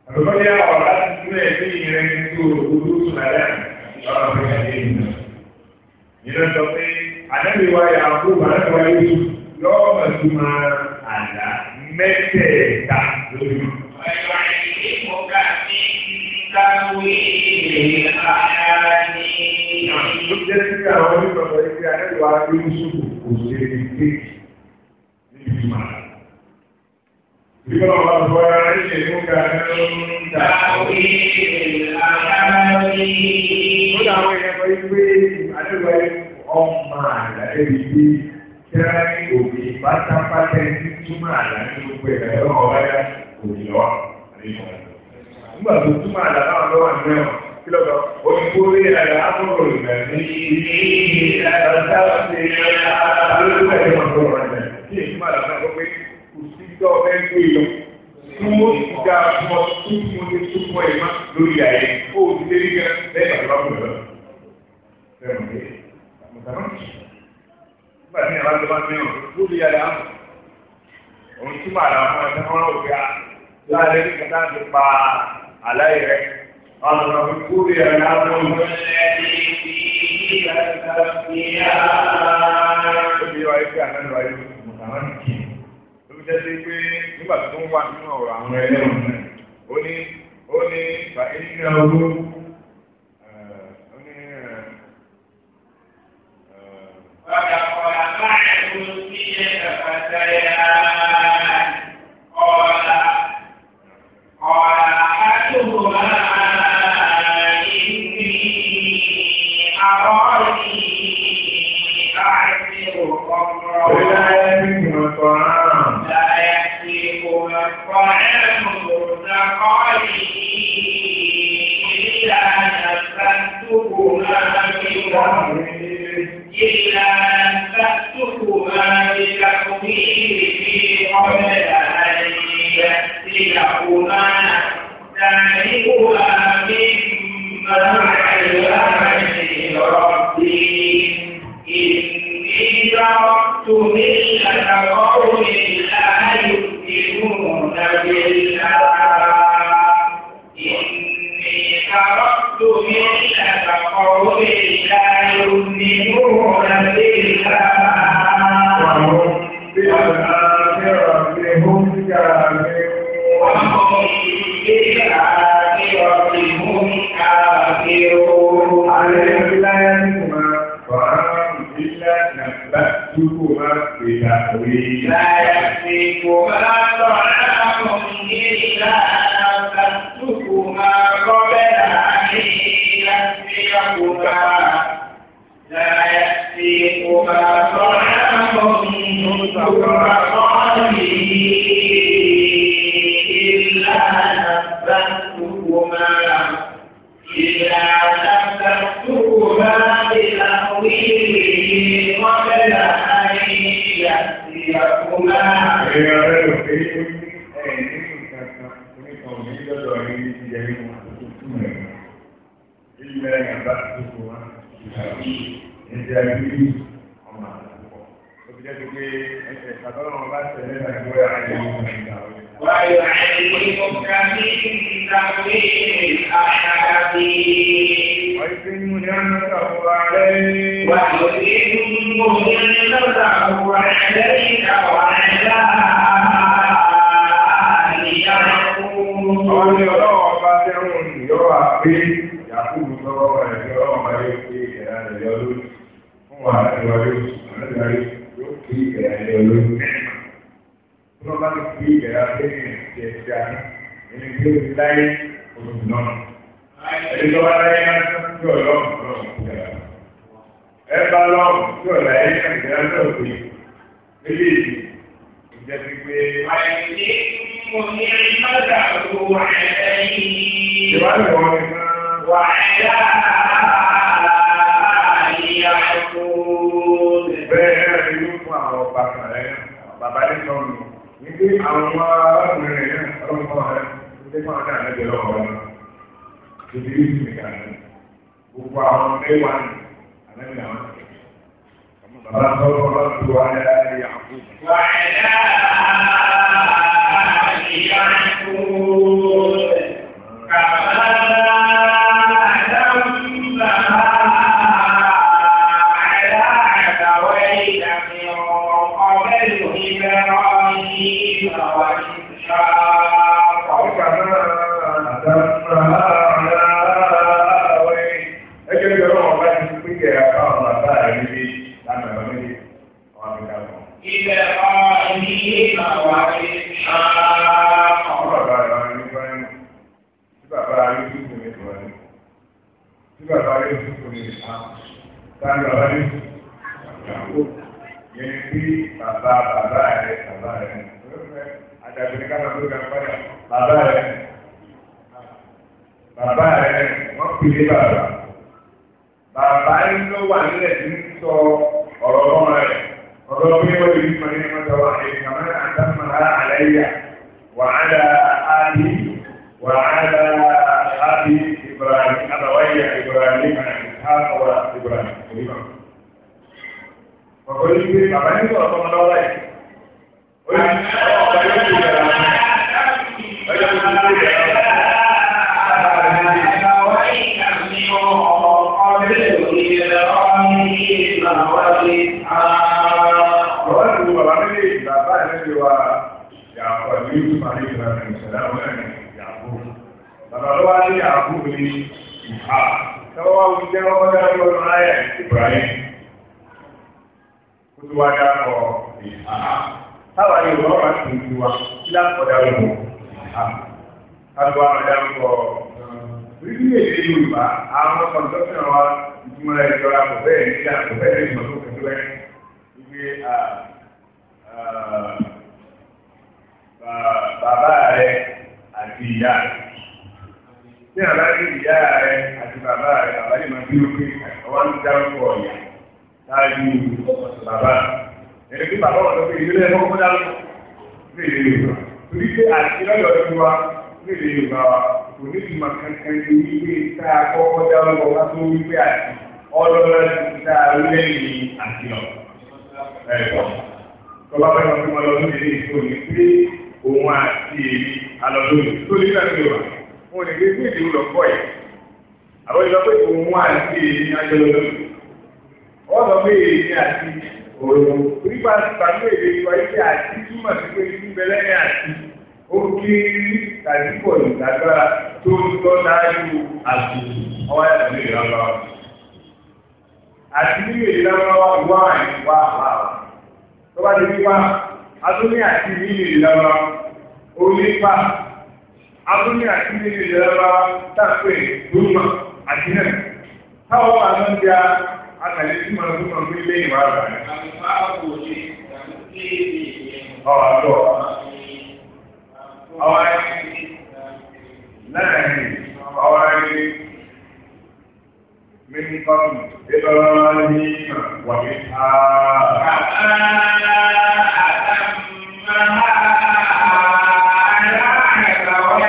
tàbí kọ́síyà ọ̀rọ̀ láti sílẹ̀ ní ìrìn tó olóṣù nàlẹ́ lọ́wọ́ fún àdìsí náà. ìrìn sọ pé àdẹ́bíwá yà á kó màláìkà yìí lọ́wọ́ màtúmọ̀ àlá mẹ́tẹ̀ẹ̀ta lórí. تأويل الأحاديث. ló jẹ́ sí àwọn onígbàgbọ́ yìí pé àdéhùn aráyé yusuf kò ṣe é dé níbi ìmọ̀. Ìgbọ́n wa bọ̀ ara ilé mú ga ló ń dà. Tàwíìlì àdáyé. Ó dà àwọn èèyàn kan yí pé àdéhùn ayé ọmọ àdáyé yìí pé kíra ní òbí pátápátá ẹni túmọ̀ àdáyé ló pẹ̀lú ẹ̀rọ ọ̀rẹ́ òbí lọ́wọ́ àdéhùn ayé nígbà tó túmọ̀ àdàbà wọn lọ́wọ́ àmì ẹ̀wọ̀n kí lọ́dọ̀ oníkórè àyà àbúrò rẹ̀ ní ilé àdàbà ṣe àlọ́dún ẹ̀wọ̀n tó rọ̀ rẹ̀ kí èyí túmọ̀ àdàbà wọn pé kò sí tó ọbẹ̀ ń gbé e lọ tí wọ́n ti dá ọ tí mo ti túmọ̀ ẹ̀ má lórí àyè ó ti dé nígbà lẹ́yìn àdàbà wọn lọ. Nígbà tí àwọn àdàbà mẹ́wọ̀n lórí àyà òun túmọ̀ عليه قال رب الأمر الذي فيه تستفتيان jẹ́sí pé nígbà tó ń wà nínú ọ̀rọ̀ àwọn ẹlẹ́wọ̀n náà ó ní ó ní fàílínà owó ó ní ọ̀dà ọ̀dà sí ẹ̀ ẹ̀fà dáyà ọ̀dà ọ̀dà. تملة قوم لا يؤمنون بالله شرفت ملة قوم لا يؤمنون بالله وهم بالآخرة هم كافرون وهم بالآخرة هم كافرون عليهم لا يسمع نبأتكما بتأويل لا يأتيكما طعام إلا نبأتكما قبل أن يأتيكما لا يأتيكما طعام تفرقان إلا نبأتكما إلا تكتبها بتأويله قبل أن يأتيكما Ilé ẹ̀yà bá ti tó wá, ẹ̀jẹ̀ àbílí ọmọ àtàkùn. Ó ti jẹ́ pé ẹ̀ṣẹ̀ ìpàdánù ọba tẹ̀lé Nàìjíríà ayé ọmọ ìgbà. ويعلمك من تأويل الأحاديث ويتم نعمته عليك ويتم نعمته عليك وعلى آل يعقوب قال يا رب أتعون يا ربي يعقوب صلى يا رب عليك يا رب يا رب يا رب يا رب يا رب يا رب tí wọ́n bá ti fi ìyẹ̀rọ abẹ́rẹ́ ìṣẹ̀ ṣe àná ẹni tí ó ti láyé oṣù náà. ẹni tó bá láyé náà tí ò lọ́ọ̀mù lọ́ọ̀mù ti dàgbà. ẹ bá lọ́ọ̀mù tí ò láyé náà ti dàgbà náà pé ilé ìlú ìjẹ́ ti pé. àìsí mo ní mọ́tà tó wà lẹ́yìn. ìwádìí wọn ni wà ẹ̀dá ìyàwó. bẹ́ẹ̀ ni yóò fún àwọn ọba kan lẹ́yìn bàbá ní sọ́ọ̀nù wípé àwọn arákùnrin rẹ̀ náà ọlọ́pàá rẹ̀ wípé fún ọjà rẹ̀ jẹ́ lọ́wọ́ rẹ̀ títí rí sí ìgbà rẹ̀ gbogbo àwọn mẹ́wàá ní àlẹ́mì àwọn bàbá sọ́wọ́ bàbá tó wà ní ayé àkókò. wà ìyá ìkó kàbá. gbé bàbá bàbá ló wà nílẹ̀ tí ń sọ ọ̀rọ̀ ọmọ rẹ̀ ọ̀rọ̀ bí wọ́n lè fi mọ̀lẹ́ mọ́tò wà ní kàmáà àtàkùnmọ̀lá àlẹ́yà wàhálà ábí wàhálà ábí ibrahim abawáyà ibrahim àtàkùnmọ̀lá ibrahim onímọ̀. ọ̀pọ̀ yìí pé bàbá ní sọ̀rọ̀ ọmọ lọ́wọ́ yìí ó ní ọ̀pọ̀ yóò ìyá rẹ̀. Ní àbárí ìyá rẹ̀ àti bàbá rẹ̀ àbárí máa bí òkè àwọn ń dárúkọ ọ̀yà láàájú bàbá. Ẹni tí bàbá wọn lọ pé ìdílé ẹ̀kọ́ kó dárúkọ ní èdè Yorùbá. Torí pé àti lọ́dọ̀ ọdún wa ní èdè Yorùbá wa kò ní ìmọ̀ kankan ní wípé tá a kọ́kọ́ dárúkọ wá tó wípé àti ọlọ́lá ti dá lẹ́yìn àti ọ̀ ẹ̀kọ́. Tọ́lá fẹ́ lọ fún ọ lọ sí ilé ìfowópamọ́ pé òun àti èmi alọ́dún yìí tó nílò àti yorùbá wọn ò lè gbé gbé ìdíwọ́ lọ kọ́ ẹ̀ àwọn ìlọ pé òun wà sí èyí ajọlọ́dún wọ́n sọ pé èyí àti òòrùn nípa pàtó èdè ìwà iṣẹ́ àti túmọ̀ sí pé ní bẹ́lẹ́ ní àti ó kéré tàbí pọ̀ ìdágbára tó ń tọ́ dájú àti ọwọ́ yàtọ̀ ní ìlànà àti nínú ìlànà wa wà wà wà tó bá ti wá a tún ní àti nínú ìlànà onípa abúlé àti nílé ìjọba tàpé gbúmọ àti náà táwọn wà ló ń ja àtàlẹ́ tí màá gbúmọ fún ilé ìwà rà. ọ̀rọ̀ àtọ̀ ọ̀rọ̀ àti láàrin ọ̀rọ̀ àti mímú kọ́kùn ní wàmí. Àbá àbá máa.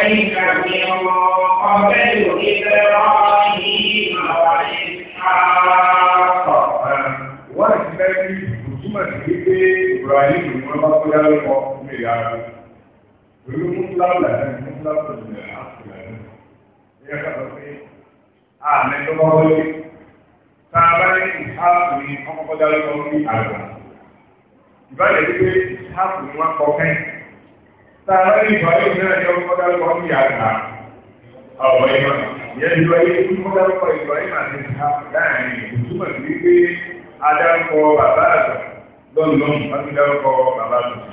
عليك من قبل إبراهيم وإسحاق وإسحاق túmọ̀ sí pé Ibrahim ni wọ́n bá kó yára lọ́wọ́ fún mi yára rẹ̀. Pẹ̀lú Mùsùlùmí àti Mùsùlùmí àti Àfùlàní. Ní ẹ̀ka sọ pé àmì tó bá wọlé. Tá a bá ní ìsáàpù ni wọ́n kọ́kọ́ yára lọ́wọ́ fún mi àgbà. Ìbáyọ̀ wípé ìsáàpù ni wọ́n kọ́ kẹ́yìn. Tààrà ìbáyé náà yọ mọ́dálùkọ́ ń yà àgbà. Ọ̀wọ́ ìmọ̀ ìyẹn ti wáyé fún mọ́dálùkọ́ ìbáyé náà ti ta láàrin ìtumọ̀ sí pé adarúkọ bàbá àgbà lọ́nà wọ́n ti dárúkọ bàbá àgbà.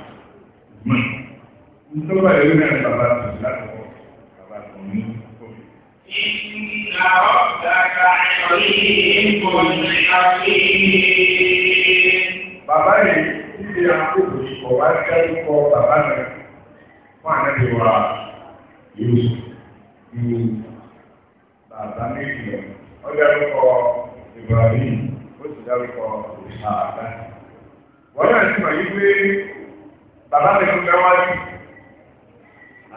Nítorí bàbá ìlú náà bàbá àgbà láti kọ́ bàbá àgbà ní òkè. Ìgbà ọ̀gá ká ẹ̀rọ yìí kò ní àfihàn. Bàbá yìí ti ṣe àkókò ìkọ̀wá dárúkọ bàbá náà. fún ànábì wa na ju bàbá méjì lọ ó dárúkọ Ibrahim ó sì dárúkọ ìṣàlá wọn náà ti mọ̀ yí pé bàbá mi tó fẹ́ wájú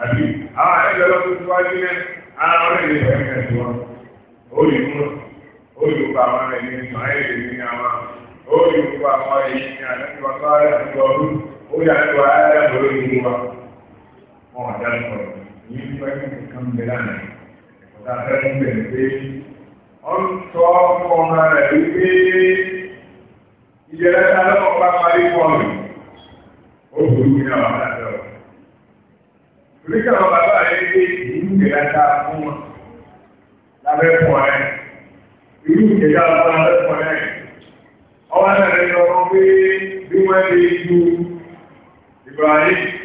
àbí àwọn wájú ara wọn lè ó lè mú ó lè kó àwọn ayé lè ní àwọn ó lè kó àwọn ìwà àti ọdún ó yà lọ ayé ìlú wa. wọn àdá sọ̀rọ̀ ní ìgbà tí mo kàn bẹ lánàá ọ̀tá fẹ́ẹ́ ń bẹ̀rẹ̀ pé wọ́n sọ fún ọmọ rẹ̀ wípé ìjẹ́lẹ̀ ta lọ́wọ́ bá parí fọ́ọ̀nù ó burú ní àwọn àdájọ́ rẹ̀. Oríṣi àwọn bàbá rẹ̀ gbé ìlú ìjẹ́lẹ̀ ta fún wọn lábẹ́ fún ọ rẹ̀. Ìlú ìjẹ́lẹ̀ ta fún lábẹ́ fún ọ rẹ̀. Ọwọ́ náà rẹ̀ lọ́wọ́ pé bí wọ́n lè ju ìgbà yìí.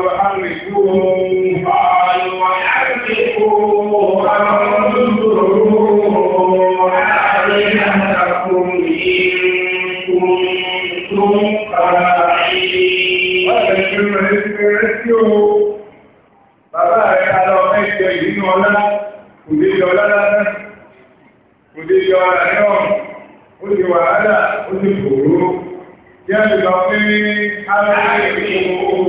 وأنفسهم قالوا وأنفسهم أنظروا آلهتكم إن كنتم فاعلين. Bàbá rẹ̀ ká lọ mẹ́jọ ìdínú ọlá, kò lè yọ ọlá lásán, kò lè yọ ọlá ní ọ̀run, ó ti wàhálà, ó ti fòró. Jẹ́ ìlọ pé ara rẹ̀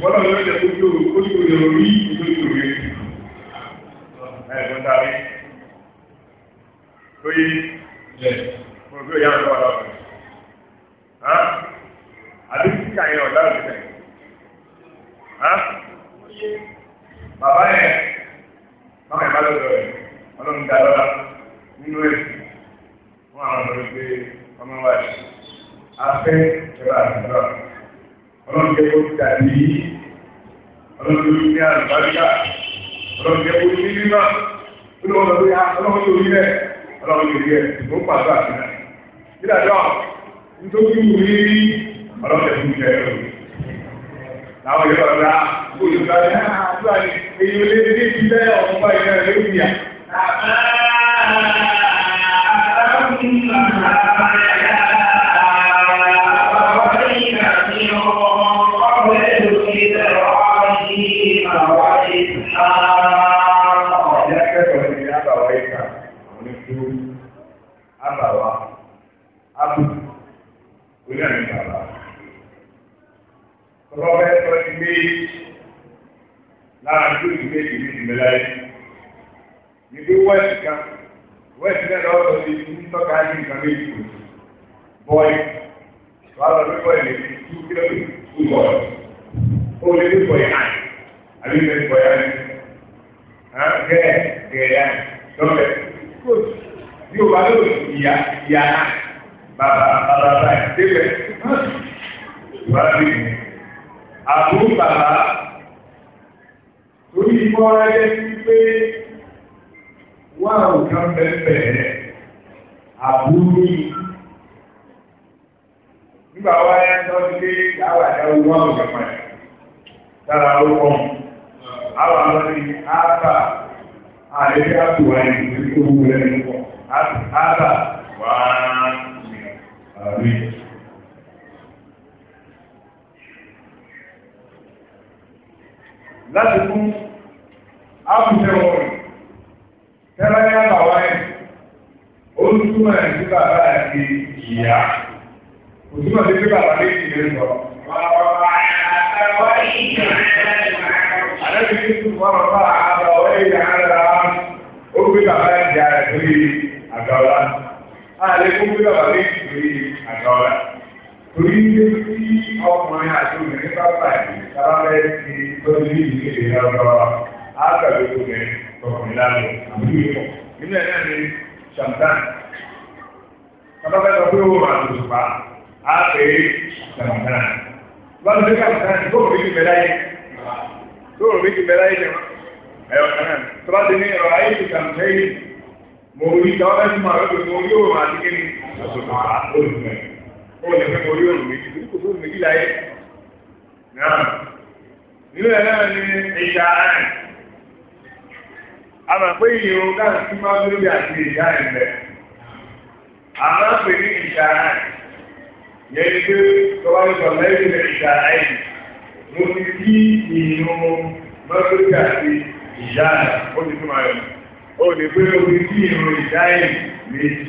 wọ́n náà lọ́wọ́ ìjẹ́ ojú orí orí ojú orí ẹ̀gbọ́n tàbí lóyè mo fi òyà ọ̀dọ́ ọ̀dọ́ àbí kíkà yẹn ọ̀dọ́ ọ̀dọ́ bàbá yẹn báwọn yẹn bá lọ́dọ̀ rẹ̀ ọlọ́run dá lọ́la nínú ẹ̀ fún àwọn ọmọ rẹ̀ ọmọ wa afẹ́ ìjọba àti ìjọba ọlọ́run jẹ́ kó dàbí ọlọ́run tó ní àlùbáríkà ọlọ́run jẹ́ kó ní mímọ́ tó lọ́wọ́ lọ́wọ́ yá ọlọ́run tó rí rẹ̀ ọlọ́run tó rí rẹ̀ tó ń pàṣẹ àti náà nígbà náà nítorí wù ní ọlọ́run tẹ̀ fún ìjẹ́ rẹ̀ láwọn yóò rà bóyá bá yá àdúrà ní èyí ò lé ní ìbílẹ̀ ọ̀hún bá ìyá rẹ̀ lórí yà. Àbá àbá ń bá láyé níbi wẹ́ẹ̀sì kan wẹ́ẹ̀sì náà lọ́wọ́ tó ti ní tọ́ka ní nǹkan méjì kò sí bọ́ọ̀lì wàá lọ sí bọ́ọ̀lì lè fi tú kílọ̀ tó bọ́ọ̀lì ó lè fi bọ́ọ̀lì hàn àbí lè fi bọ́ọ̀lì hàn gẹ́ẹ̀ gẹ́ẹ̀ hàn lọ́bẹ̀ kò sí bí o bá lóòrì ìyá ìyá hàn bàbá bàbá báyìí débẹ̀ wàá bí àbúrò bàbá torí ìmọ̀ ayé wípé wà nǹkan bẹ̀rẹ̀ àbúrú nígbà wá yá tó ti pé àwọn àdáwò wọn ò gbàgbà dára ó kọ́ àwọn àwọn ní ábà àlejò àpò wáyé nítorí owó rẹ̀ ń pọ̀ ábà wá àmì. láti mú ápùtẹ̀ wọn tẹ́lá ní àbàwá ẹ̀ ó ń túmọ̀ ẹ̀ sí bàbá ẹ̀ di ìyá kò túmọ̀ sí pé bàbá méjì lè sọ. Àlẹ́ mi tún wọ́n lọ bá àbàwọ́ ẹ̀yà ara ó gbé bàbá ẹ̀ di àrẹ̀ sórí àgbà ọ̀la. bàbá torí ilé tí ọkùnrin àti obìnrin bá pàdé sábà bẹ́ẹ̀ ti tọ́jú ní ìdílé ìdílé lọ́wọ́ àgbàdo obìnrin ọkùnrin lálẹ́ àbúrò ìfọ̀ nínú ẹ̀ náà ni ṣàǹtàn kọ́tọ́kẹ́tọ́ pé ó wà lóṣùpá á pè é ṣàǹtàn lọ́dún tó ṣàǹtàn tó kò ní ìfẹ́ láyé tó kò ní ó lè fẹ́ orí òrùn méjì torí méjì láyé náà nínú ẹ̀ náà ni ẹ̀ a máa pé ìrún káàkiri tí má lórí àti ìyá ẹ̀ bẹ̀ a máa ní ìyá ẹ̀ yẹn ni pé tọ́wá lẹ́yìn ní ẹ̀ mo ti kí àti ẹ̀ ó ti túmọ̀ lè pé o ti kí ẹ̀ méjì.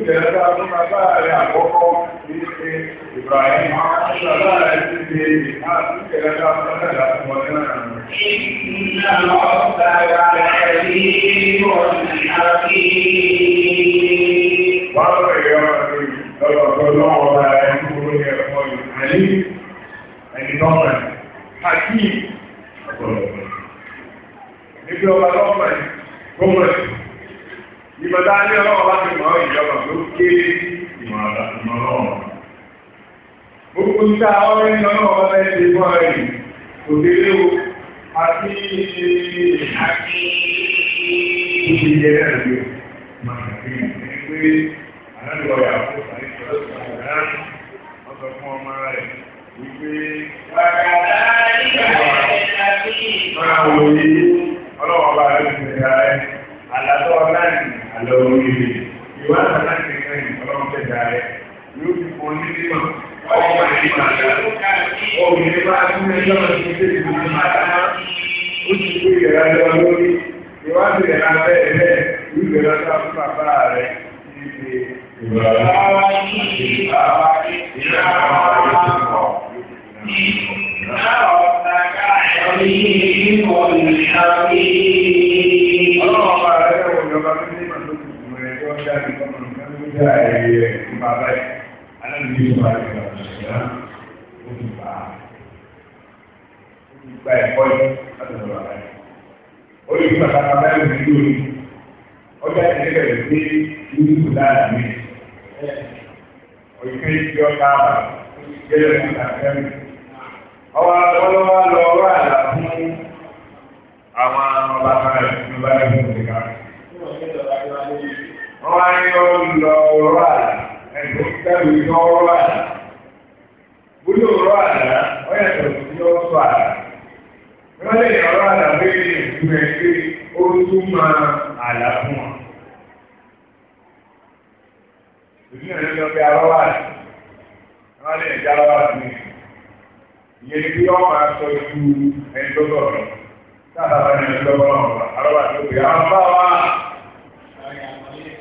ìbẹ̀rẹ̀ bá tó bá bá rẹ̀ àkọ́kọ́ ní ṣe Ibrahim aṣọ láàrẹ̀ ti ṣe ìhà ìbẹ̀rẹ̀ bá tó bá rẹ̀ àkọ́kọ́ náà. Ìgbìmọ̀ ọ̀gá rẹ̀ ní ìwọ̀n àti. Wọ́n rẹ̀ yọ ọ̀rọ̀ lọ́wọ́ ọ̀gá ìbọ̀dá ní ọlọ́wọ́ bá fi mọ̀ ìjọba tó kéré ìmọ̀ ọlọ́wọ́. Gbogbo ní ta ọ̀rẹ́ ní ọlọ́wọ́ bá fẹ́ ṣe fún ọ̀rẹ́ yìí, kò délé o, àti àti ìṣẹ̀lẹ̀ rẹ̀ ló máa ń fi ẹni pé àlọ́ ìyá kó sáré sọ́dọ̀ sọ́dọ̀ wọ́n sọ fún ọmọ rẹ̀ wípé wàkàtà ìgbà rẹ̀ lábí. Máa wòye ọlọ́wọ́ bá rẹ̀ ti rẹ̀ àlàtọ̀ ọláyìn àlọ́ oríire ìwà àtàláyìn kẹrin ọlọ́run tẹ̀dá rẹ̀ yóò fi fún onídìmọ̀ ọmọ ìgbà obìnrin bá tún ẹjọ́ ti ṣe ìdúró máta ó ti gbé ìyẹ̀rá lọ lórí ìwádìí ìyẹ̀rá bẹ́ẹ̀ bẹ́ẹ̀ ìlú ìyẹ̀rá tó fún bàbá rẹ̀ ti ṣe ìrọ̀lá ìgbà ìyá àwọn ọmọ ìgbà ìjọba ló ní ìmọ̀ tó ti sùn rẹ̀ tó ń jáde lọ́mọ nǹkan tó ń já ẹ̀yẹ ìgbà báyìí aláàbí yóò bá rẹ̀ lọ ṣẹ̀dá ó ti bá a ó ti gba ẹ̀kọ́ yìí láti lọ bàbá yìí. ó lè fún bàbá bàbá yìí ní lórí ọjà ìdílé rẹ̀ dé ní kò dára òyìnbó yìí yọ ká ó ti gbé ẹ̀rọ ìgbà ọwọ́ ọlọ́wọ́ lọ wà láfún àwọn ọba kan rẹ̀ ní bá yẹ kó ti ká wọ́n á ní ó lọ ọ̀rọ̀ àlá ẹ̀dùn kẹ́lù iná ọ̀rọ̀ àlá. Búlú ọ̀rọ̀ àlá ó yàtọ̀ sí ọ̀sọ̀ àlá. Wọ́n lè ọ̀rọ̀ àlá bẹ́ẹ̀ ní ìtumọ̀ ẹ̀ pé ó tún máa àlá fún wọn. Ìdúnà ní lọ bí arọ́wà àlá. Wọ́n lè jẹ́ arọ́wà àlá ní ìyẹn ni bí wọ́n máa sọ ju ẹni tó sọ̀rọ̀. Táà bá bá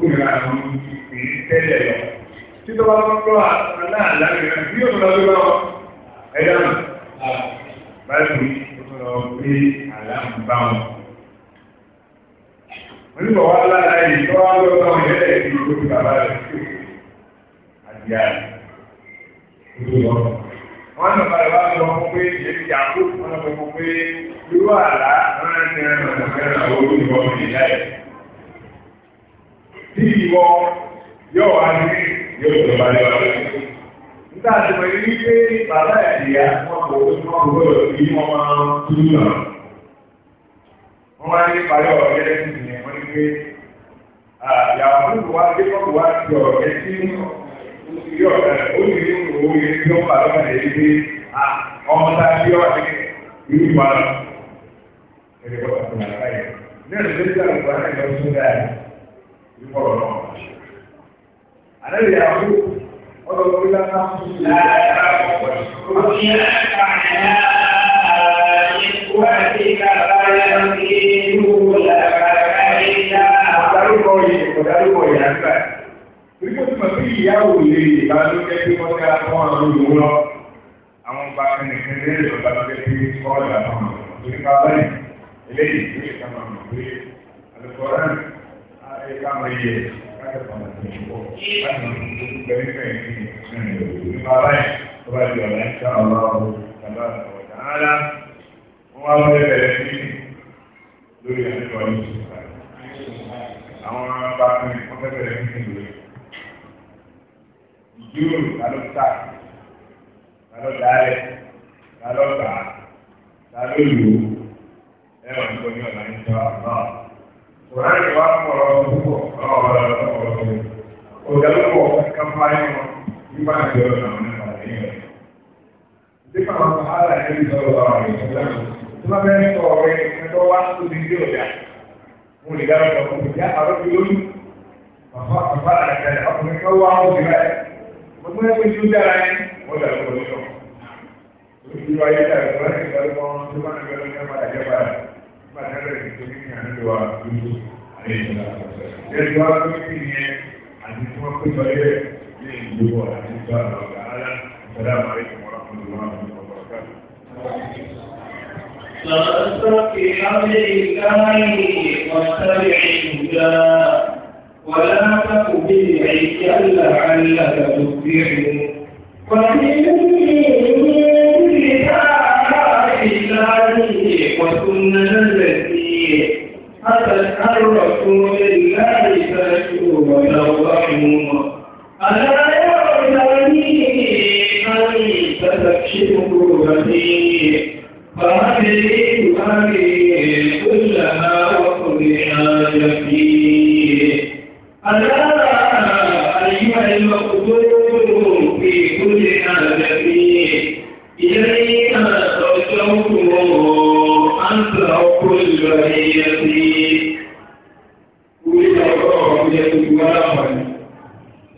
kúrò àwọn ìpín tẹ́lẹ̀ lọ. Títọ́ bá tún lọ àwọn náà láàrin náà bí yóò lọ lọ ẹ̀dá nù. Báyìí ó tún lọ pé àlámù bá wọn. Wọ́n ní bọ̀wá lára yìí tó wá lọ bá wọn yẹ́lẹ̀ ìdí tó fi bàbá rẹ̀ sí. Àdìyà rẹ̀ ó lọ. Wọ́n nà bàbá wa lọ fún pé èyí àkó wọn lọ fún pé irú àlá wọn ń tẹ̀lé ọ̀nà mẹ́rin àwọn olùkọ́ ìyá ẹ̀. ìwọ yóò wá ní yóò tó bá lé wa nígbà tí mo rí pé bàbá wọn kò wọn kò sí wọn máa ń wọ́n wá ní parí ọ̀rọ̀ gẹ́gẹ́ sí ìyẹn wọn ní pé àyàwó àbúrò wa dé kọ́kọ́ wá sí ọ̀rọ̀ ẹ̀ sí ilé ọ̀gá rẹ̀ ó ní yẹn tí wọ́n ọmọ a bí ọ̀ ìlú ìwà. ẹ̀rọ ìmọ̀ràn náà wà ṣe. Àlẹ́ ìyàwó ọ̀dọ̀ orí lásà fún mi. Òṣìṣẹ́ àyà ìkúwà sí kàbáyà sí ìlú làbàkàyà. Àdárúkọ yìí kò dárúkọ yìí àgbà. Nígbà tí mo fi ìyàwó lè ìbálòjẹ́ tí wọ́n ti àwọn àwọn olùwọ́ lọ, àwọn ọba kìnnìkan lè lọ bá lọ́jọ́ tí kọ́ọ̀lù àwọn ọ̀dọ́ nípa báyìí. Eléyìí ló ṣe ká máa mọ̀ pé àlùkò rẹ̀ jẹ́ káwọn yẹ káyọ̀ kan lọ́wọ́ láti mọ̀ ní gbẹ̀rẹ̀ fẹ̀yìn ní ìrìn nípa báyìí tó bá di ọ̀la ń ká ọlọ́run tàbá ọ̀dà ńlá wọ́n wá wọlé bẹ̀rẹ̀ sí lórí àjọ yìí àwọn bá fún mi wọ́n fẹ́ bẹ̀rẹ̀ sí ìlú ìdúró lálọ́ ta lálọ́ dalẹ̀ lálọ́ gbà lò ẹ̀rọ ìgbọ́ ní ọ̀la ń ká Kùránì wá pọ̀rọ̀ púpọ̀ ọ̀rọ̀ ọ̀rọ̀ òdàlúpọ̀ kápáyé wọn nígbà tí ó nà ní àdéhùn. Nípa àwọn sàhálà ẹni sọ̀rọ̀ àwọn ìṣẹ̀lẹ̀ tó bá fẹ́ sọ ọ̀rẹ́ ẹ̀tọ́ wá tó ti dé ọ̀dà. Mo lè dára sọ fún ìyá àwọn ti lóyún. Bàbá bàbá àtàlẹ̀ ọkùnrin kan wá ó ti báyìí. Mo gbé pé tí ó dára ẹ̀ wọ́n dà lọ́wọ́ lọ́wọ́. Ìjọba ayé dàgbà láti ìgbàlùmọ́ tó bá ń gbẹ́lú nígbà tí a bẹ̀rẹ̀ sí ní ìrìn àjò wa lójú àyè ìṣẹ̀lẹ̀ àkọsẹ̀. Lẹ́yìn wá tó ti yẹn àti tí wọ́n pèsè ọyẹ ní ìlú wọ̀ àti ìgbà ọ̀gá alá ìṣẹ̀lẹ̀ àmàlẹ́ ìṣẹ̀wọ̀n ọ̀gbọ̀n ọ̀gbọ̀n فاستق بحبل الله واتبع الهدى ولا تك بالعجل لعلك تفلح ومن كل الله وسنة التي أتت عن رسول الله فاشكوا وترحموا ألا يعلمني أن تستكشف قربتي فأدري أبي كلها وكل حاجتي ألا أيها المقدور في كل حاجتي إليك ولوطه أنت كل بهيتي ولد الله يتوب ولهم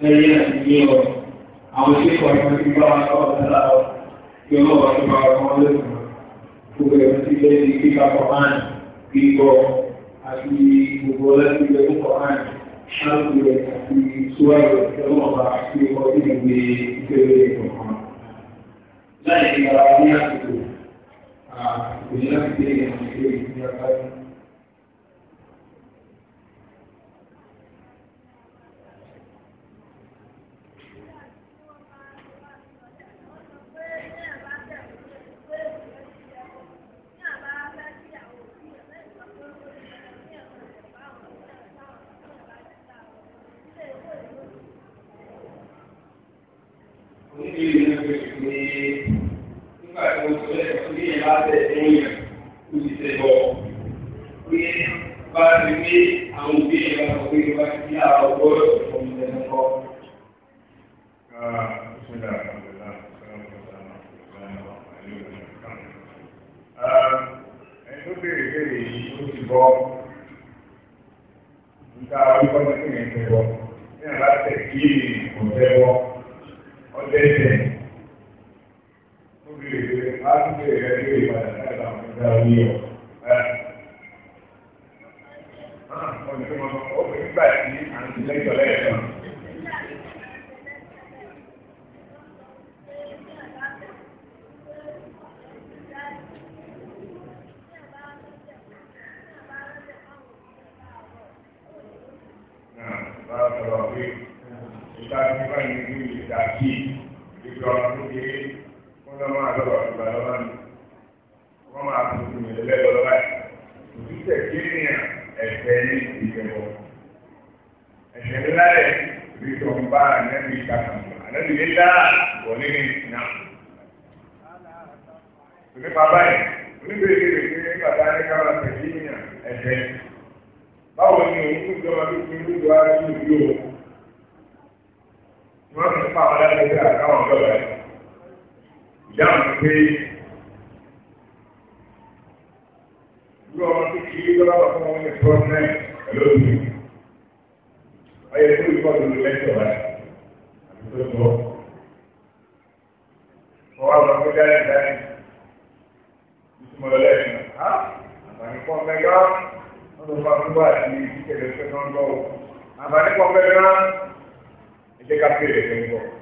لين يو أو شيء كما كما قال يوم وكما قال كل شيء في القرآن بيقو àti gbogbo láti ilẹ̀ ń kọ́ àná láti ilẹ̀ àti ìṣúwárò ìjọba àti ọdún ìgbé ìgbéró ìkọ̀ọ̀kan. láì ní ara ní àsìkò ìpínlẹ̀ Thank you. fare un progetto così elevate e io così sei buono. Quindi parli qui a un piede, che si può dare un po' di tempo, è una parte che potevo, ho detto, wá sí kí wọ́n máa lọ́wọ́ àgbà lọ́wọ́ ni wọ́n máa tó ti yẹn lẹ́lọ́ lọ́wọ́ òbí tẹ̀ kí ènìyàn ẹ̀fẹ́ ní ìjẹ̀bọ̀ ẹ̀fẹ́ ńlá rẹ̀ rí tó ń bá ànẹ́bí kàkàmù ànẹ́bí ńlá wọlé ní ìná. òní bàbá yìí oníbèrè rẹ̀ ní bàbá yẹn ká máa tẹ̀lé ènìyàn ẹ̀fẹ́ báwo ni òun kú jọba tó ti rúdò ara sí ìlú o wọ́n ti pa àwọn alágbèbè àtàwọn ọ̀dọ́ rẹ̀ ìdáhùn pé irú ọmọ tí kì í lọ́wọ́ fún wọn ní pọ́nmẹ́ lónìí ọyẹ tó ìfọ́ lórí lẹ́tọ̀ rẹ̀ àti tó tọ́ wọ́n wá lọ pé dáhùn dáhùn ìtumọ̀ lẹ́yìn náà àbàní pọ́nmẹ́ yá wọ́n lọ fà fún wa àti náà lọ́wọ́ àbàní pọ́nmẹ́ yá ẹ̀jẹ̀ ká pèrè fẹ́ ń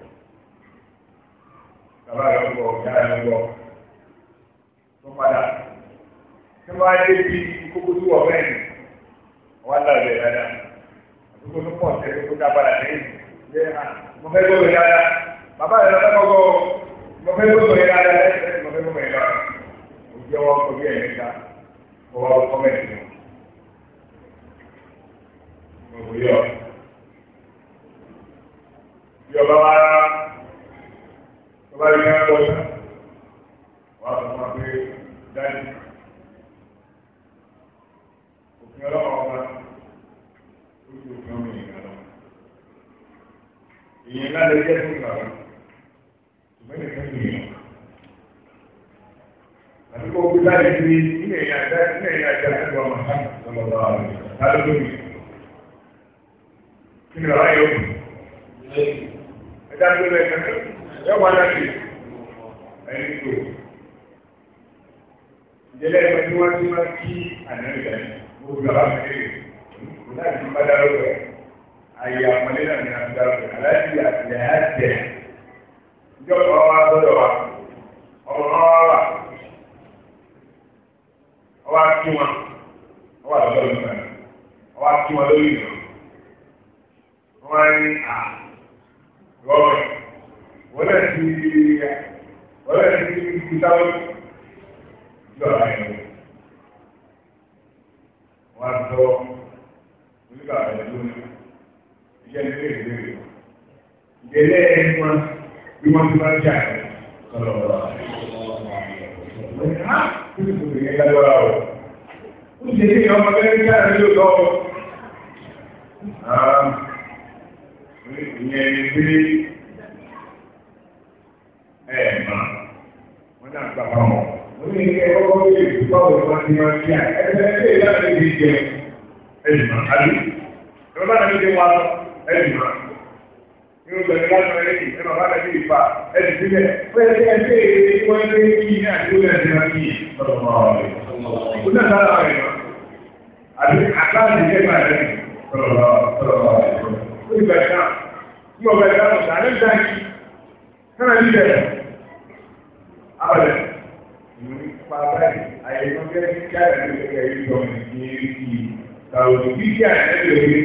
kíkẹ́ àtẹ́lẹ̀ orí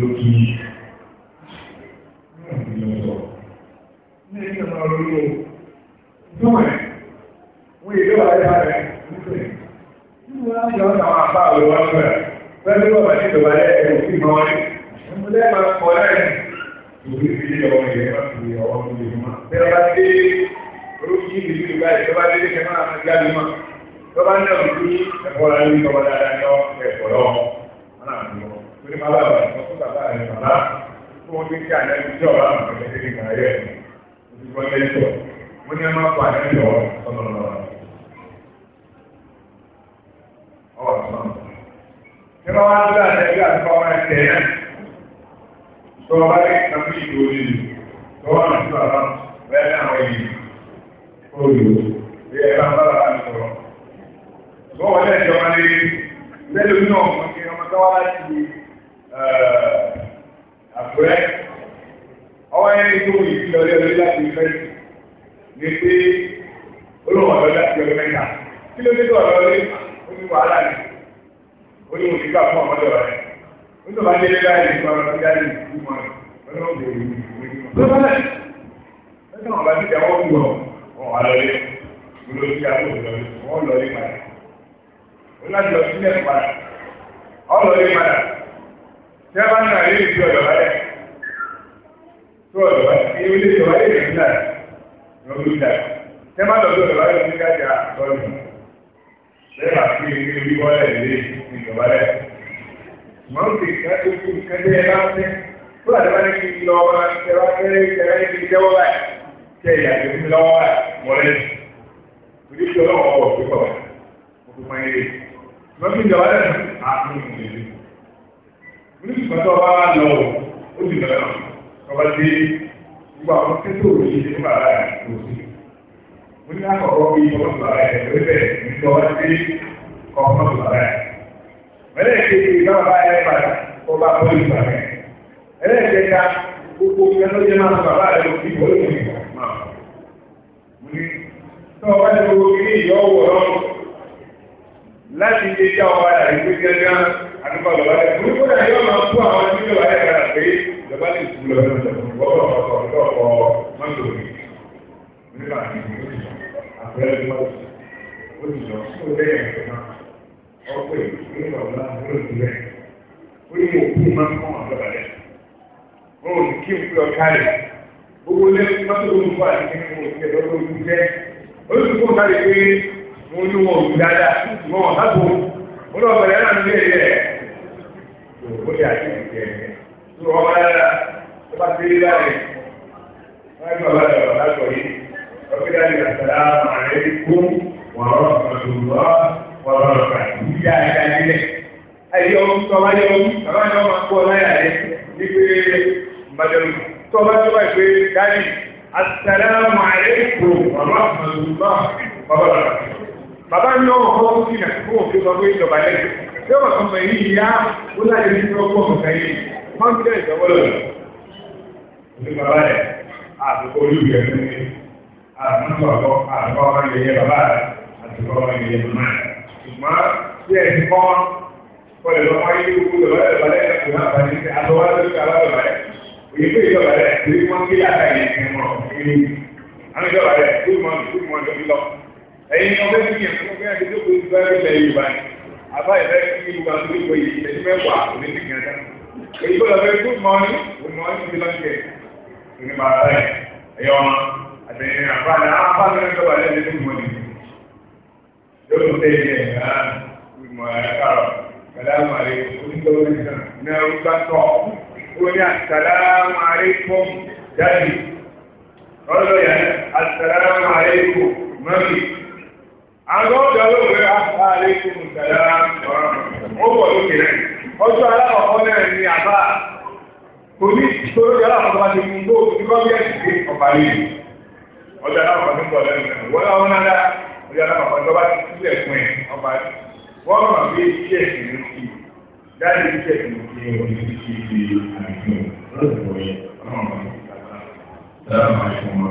lókì. kódà yóò máa kó àwọn ẹbí lọ́wọ́ ayé àgbàrá pé ìjọba lè kú lọ nínú ìjọba ọ̀pọ̀ ọ̀pọ̀ ọ̀pọ̀ ọ̀pọ̀ mọ́tò rẹ̀ nígbà tí ó ti sọ àpẹẹrẹ tó wọ́n ó ti sọ sí ọ̀rẹ́ ẹ̀ ọ̀pọ̀ èyí nígbà wọn láti ló ti rẹ̀ ó yẹ òkú máa ń kọ́ àgbàrá rẹ̀ wọn ò ní kí n fi ọ̀ká rẹ̀ gbogbo lé mọ́tò tó ń fọ àti kí n kò tiẹ̀ lọ́dọ̀ ojú jẹ́ olùkọ́ ká lè pé wọn ní wọn ò dáadáa wọn ò dábò wọn lọ bẹ̀rẹ̀ náà ní ilé rẹ̀ ó yà sí ìdíje ẹ̀ tó wọ́n bá yára tó bá ti rí láàyè wọ́n gbọ́ bá dọ̀rọ̀ látọ̀ yìí ọ̀gbìn láti àtàlà àmàlẹ́ kó wọ́n rọ̀ ọ̀dùnmọ́ wọ́n rọ̀ ọ̀kàdùn yíyá ẹ̀ka nílẹ̀ ayé ọmú tọ́wáyé ọmú tọ́wáyé ọmọ akpọ̀ láyà rẹ̀ nígbè mbàdàlú tọ́wáyé ọmọ ìgbé dání asalaamu aleykum wa rahmatulah baba baba baba ní ọmọ ọmọ kí nà kó o fi sọ pé ìjọba lẹ́yìn yóò wà ọmọ yìí yá ó láyé ní ọgbọ́n ọ̀sẹ̀ yìí confidence ọwọ́ lọ́wọ́ ní bàbá rẹ̀ àtúkọ̀ olúbi ẹ̀mí ni àtúntò ọ̀kọ́ àtúkọ̀ ọmọ yìí yẹ bàbá rẹ̀ àtúkọ̀ ọmọ yìí yẹ màmá rẹ̀ ṣùgbọ́n tí ẹ̀ ti kọ́ kọlẹ̀ lọ́mọ yìí kú lọ́wọ́ lọ́wọ́ ẹ̀ kò náà bàjẹ́ sí àtọwọ́ lórí àbá lọ́wọ́ rẹ̀ òye pé ìjọba rẹ̀ torí wọ́n gbé yàtà yẹn mọ̀ ní àwọn ìjọba rẹ̀ tó mọ̀ tó àbá ìfẹ́ kí gbogbo àti gbogbo yìí ìṣẹ́jú mẹ́wàá òní ti gbìn ẹ̀dá. èyí kò lọ fẹ́ good morning good morning bí lọ́sẹ̀ òní máa rẹ̀ ẹ̀yọ́ wọn àtẹ̀yìn àbá ni àbá mi ń sọ̀rọ̀ lẹ́yìn good morning. yóò tún tẹ̀lé ẹ̀ ẹ̀ good morning kárọ̀ sàlámù àlékún onígbàwó ní sàn ní ọgbà tọ̀ ó ní àsàlámù àlékún dáàbì ọlọ́yà àsàlámù àlékún mọ́mì. àgọ́ ọ̀dọ́ ló gbé àbá àlékún ìgbàlá ó pọ̀ lókè rẹ̀ ọjọ́ alákọ̀ọ́kọ́ náà ni àbá kò ìṣòro yàrá àkọ́kọ́ ti mú bó ti kọ́ bí pé ọ̀pá i ọjọ́ alákọ̀ọ́kọ́ ti ọ̀pá wọ́n mọ̀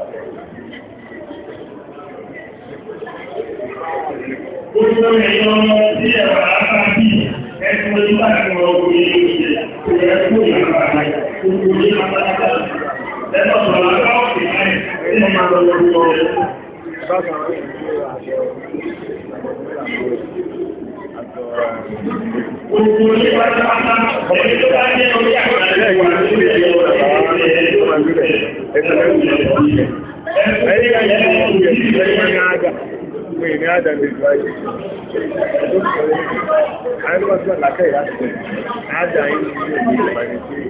gbogbo ẹ̀yọ́ ọmọ sí ẹ̀rọ àbábí ẹ̀kọ́ nígbà tí wọ́n wọ ilé ìjẹ kò yẹ kó yẹ bàbá gbogbo ilé pátápátá lẹ́nà sọ̀rọ̀ aláwọ̀ gbogbo ìní àdàlẹ̀ ìlú ayé àyẹ̀lọ́gbọ̀n làkẹ́ ìyá ti àdà yìí ní ìlú ìpàdé sí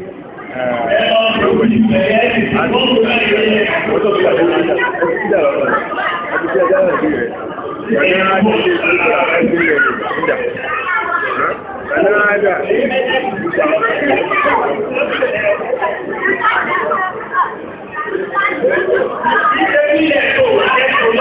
Thank you.